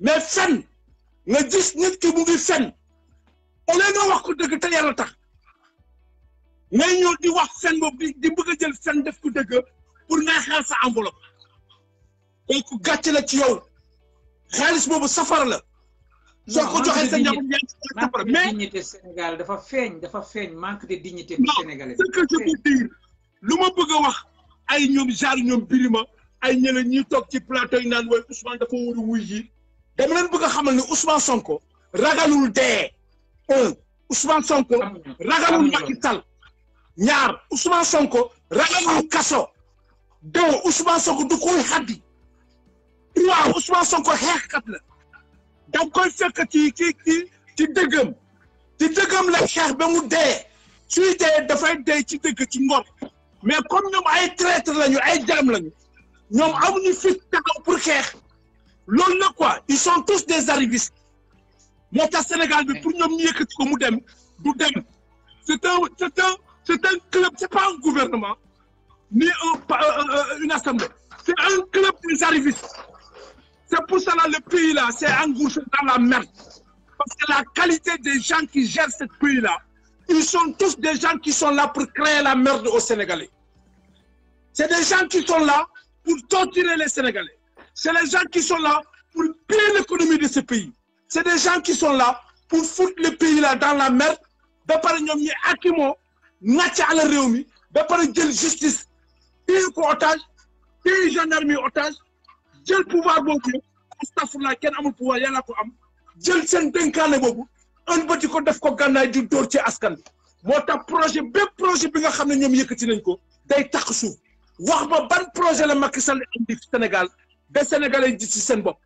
mais fen nga gis nit ki mu ngi fen au nga wax ko dëgg te yàlla tax ngay ñëw di wax fen boobu bi di bëgg a jël fen def ko dëgg pour ngay xaar sa enveloppe ku gàcce la ci yow xaalis boobu safara la soo ko joxee sa njaboot Sénégal dafa feeñ dafa feeñ manque de dignité bi sénégalais ce que je veux dire lu ma bëgg a wax ay ñoom genre ñoom birima ay toog ci plateau yi naan waaye Ousmane dafa war a wuy yi dama leen bëgg xamal ne Ousmane Sonko ragalul dee un Ousmane Sonko ragalul Macky ñaar Ousmane Sonko ragalul kaso deux Ousmane Sonko du koy xaddi trois Sonko xeexkat la danga koy fekk ci ci ci ci dëggam ci dëggam la xeex ba mu dee suy dee dafay dee ci dëgg ci ngor mais comme ñoom ay traître lañu ay jaam lañu ñoom amuñu fit taxaw pour xeex loolu la quoi ils sont tous des arrivistes moo tax Sénégal bi pour ñoom ñu yëkkati ko mu dem du dem c'est un c'est un c'est club c'est pas un gouvernement ni un euh, euh, euh, une assemblée c'est un club des arrivistes C'est pour cela le pays là s'est engouffré dans la merde. Parce que la qualité des gens qui gèrent ce pays là, ils sont tous des gens qui sont là pour créer la merde aux Sénégalais. C'est des gens qui sont là pour torturer les Sénégalais. C'est les gens qui sont là pour piller l'économie de ce pays. C'est des gens qui sont là pour foutre le pays là dans la merde ba pare ñoom ñi akimoo nàcc àll réew mi ba pare justice téye ko otage téye jël pouvoir boobu yëpp astafurlah kenn amul pouvoir yàlla ko am jël seen dénkaane boobu un bëti ko def ko gànnaay di dóor ci askan moo tax projet bépp projet bi nga xam ne ñoom yëkkati nañ ko day tax suuf wax ma ban projet le Macky Sall indi Sénégal ba Sénégalais yi gis si seen bopp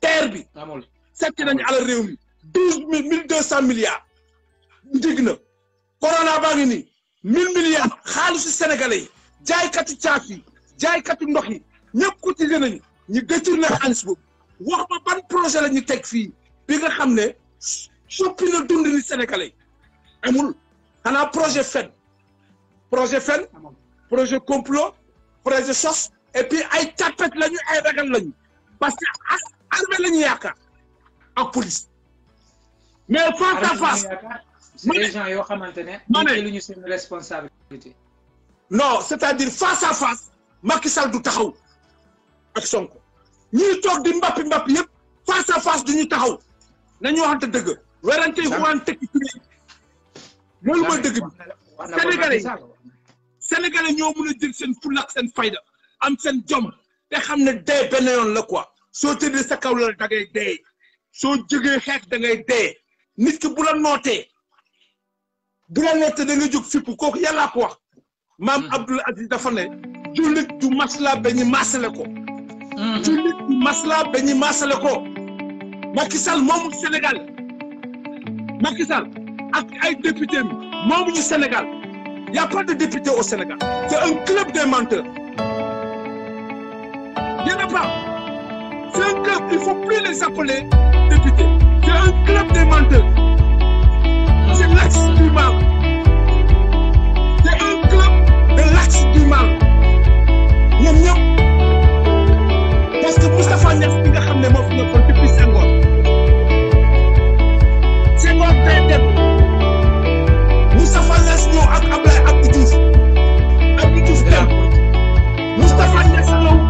terre bi. amul setti nañ alal réew mi douze mille mille deux cent milliards. ndig na corona baa ngi nii mille milliards xaalisu Sénégalais yi jaaykatu caaf yi jaaykatu ndox yi ñëpp cotisé nañu. ñu détourné xaalis boobu wax ma ban projet la ñu teg fii bi nga xam ne soppi na dund ni sénégalais amul xanaa projet fen projet fen projet complot projet sos et puis ay tapet lañu ay ragal lañu parce que armée la ñu yaakaar ak police mais face a face yoo xamante ne ma ne lu ñu seen responsabilité non c'est-à-dire face à face Macky Sall du taxaw ak Sonko ñuy toog di mbappi mbappi yëpp face à face duñu taxaw nañu waxante dëgg werante xuwaan tekki ci loolu mooy dëgg bi sénégalais yi sénégalais ñoo mun a jël seen fulla ak seen fayda am seen jom te xam ne dee benn yoon la quoi soo tëddee sa kaw la da dee soo jógee xeex da ngay dee nit ki bu la nootee bu la nootee da nga jóg fippu kooku yàllaa ko wax maam hmm. Abdoul Aziz dafa ne jullit du masla ba ñu ko su nit ñi maslaa ba ko Macky Sall Sénégal Macky ak ay député mi moomu Sénégal y a pas de député au Sénégal c'est un club des menteurs y en pas c'est un club il faut plus les appeler députés c'est un club des menteurs c'est l'axe du mal c'est un club de l'axe du mal parce que Moustapha Niass bi nga xam ne moo fi nekkoon depuis Senghor Senghor day dem Moustapha Niass ñëw ak Ablaye Abdou Diouf Abdou Diouf dem Moustapha Niass ñëw.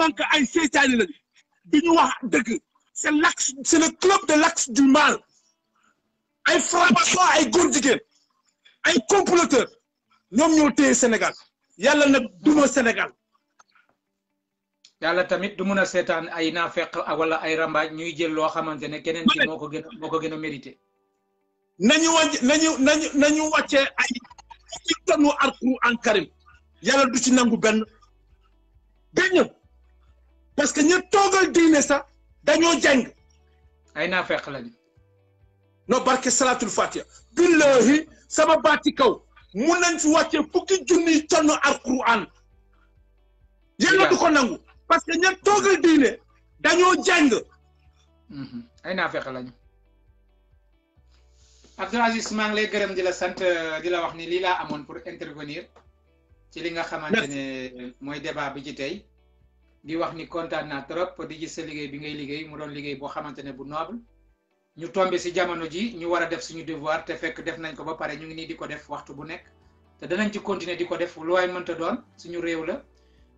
ŋànk ay seytaane la du ñu wax dëgg c'est l'axe c'est le club de l'axe du mal ay franc ay góor jigéen ay comploteur ñoom ñoo téye Sénégal yàlla na duma Sénégal yàlla tamit du mun a seetaan ay naafeq wala ay rambaaj ñuy jël loo xamante ne keneen ki moo ko gën a moo ko gën a mérité nañu wàcc nañu nañu ay ci tanu Alxuraan karim yàlla du ci nangu benn benn parce que ña toogal diine sax dañoo jàng. ay naa fekk lañu. no barke salaatul fatiha. billahi sama baati kaw mun nañ fi wàccee fukki junniy tonn alquran. yàlla du ko nangu parce que ña toogal diine dañoo jàng. Mhm. ay naa fekk lañu. Abdoul Aziz maa ngi lay gërëm di la sant di la wax ni lii laa amoon pour intervenir. ci li nga xamante ne mooy débat bi ci tey. di wax ni kontaan naa trop di gis sa liggéey bi ngay liggéey mu doon liggéey boo xamante bu noble ñu tombe si jamono ji ñu war a def suñu devoir te fekk def nañ ko ba pare ñu ngi nii di ko def waxtu bu nekk te danañ ci continuer di ko def lu waay mënta doon suñu réew la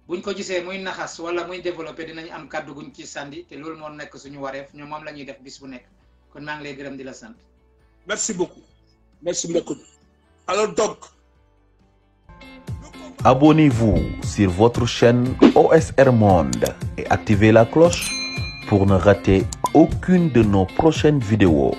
buñ ko gisee muy naxas wala muy développé dinañ am kàddu guñ ci sànni te loolu moo nekk suñu wareef ñoom moom la ñuy def bis bu nekk kon maa ngi lay gërëm di la sant. merci beaucoup Abonnez-vous sur votre chaîne OSR Monde et activez la cloche pour ne rater aucune de nos prochaines vidéos.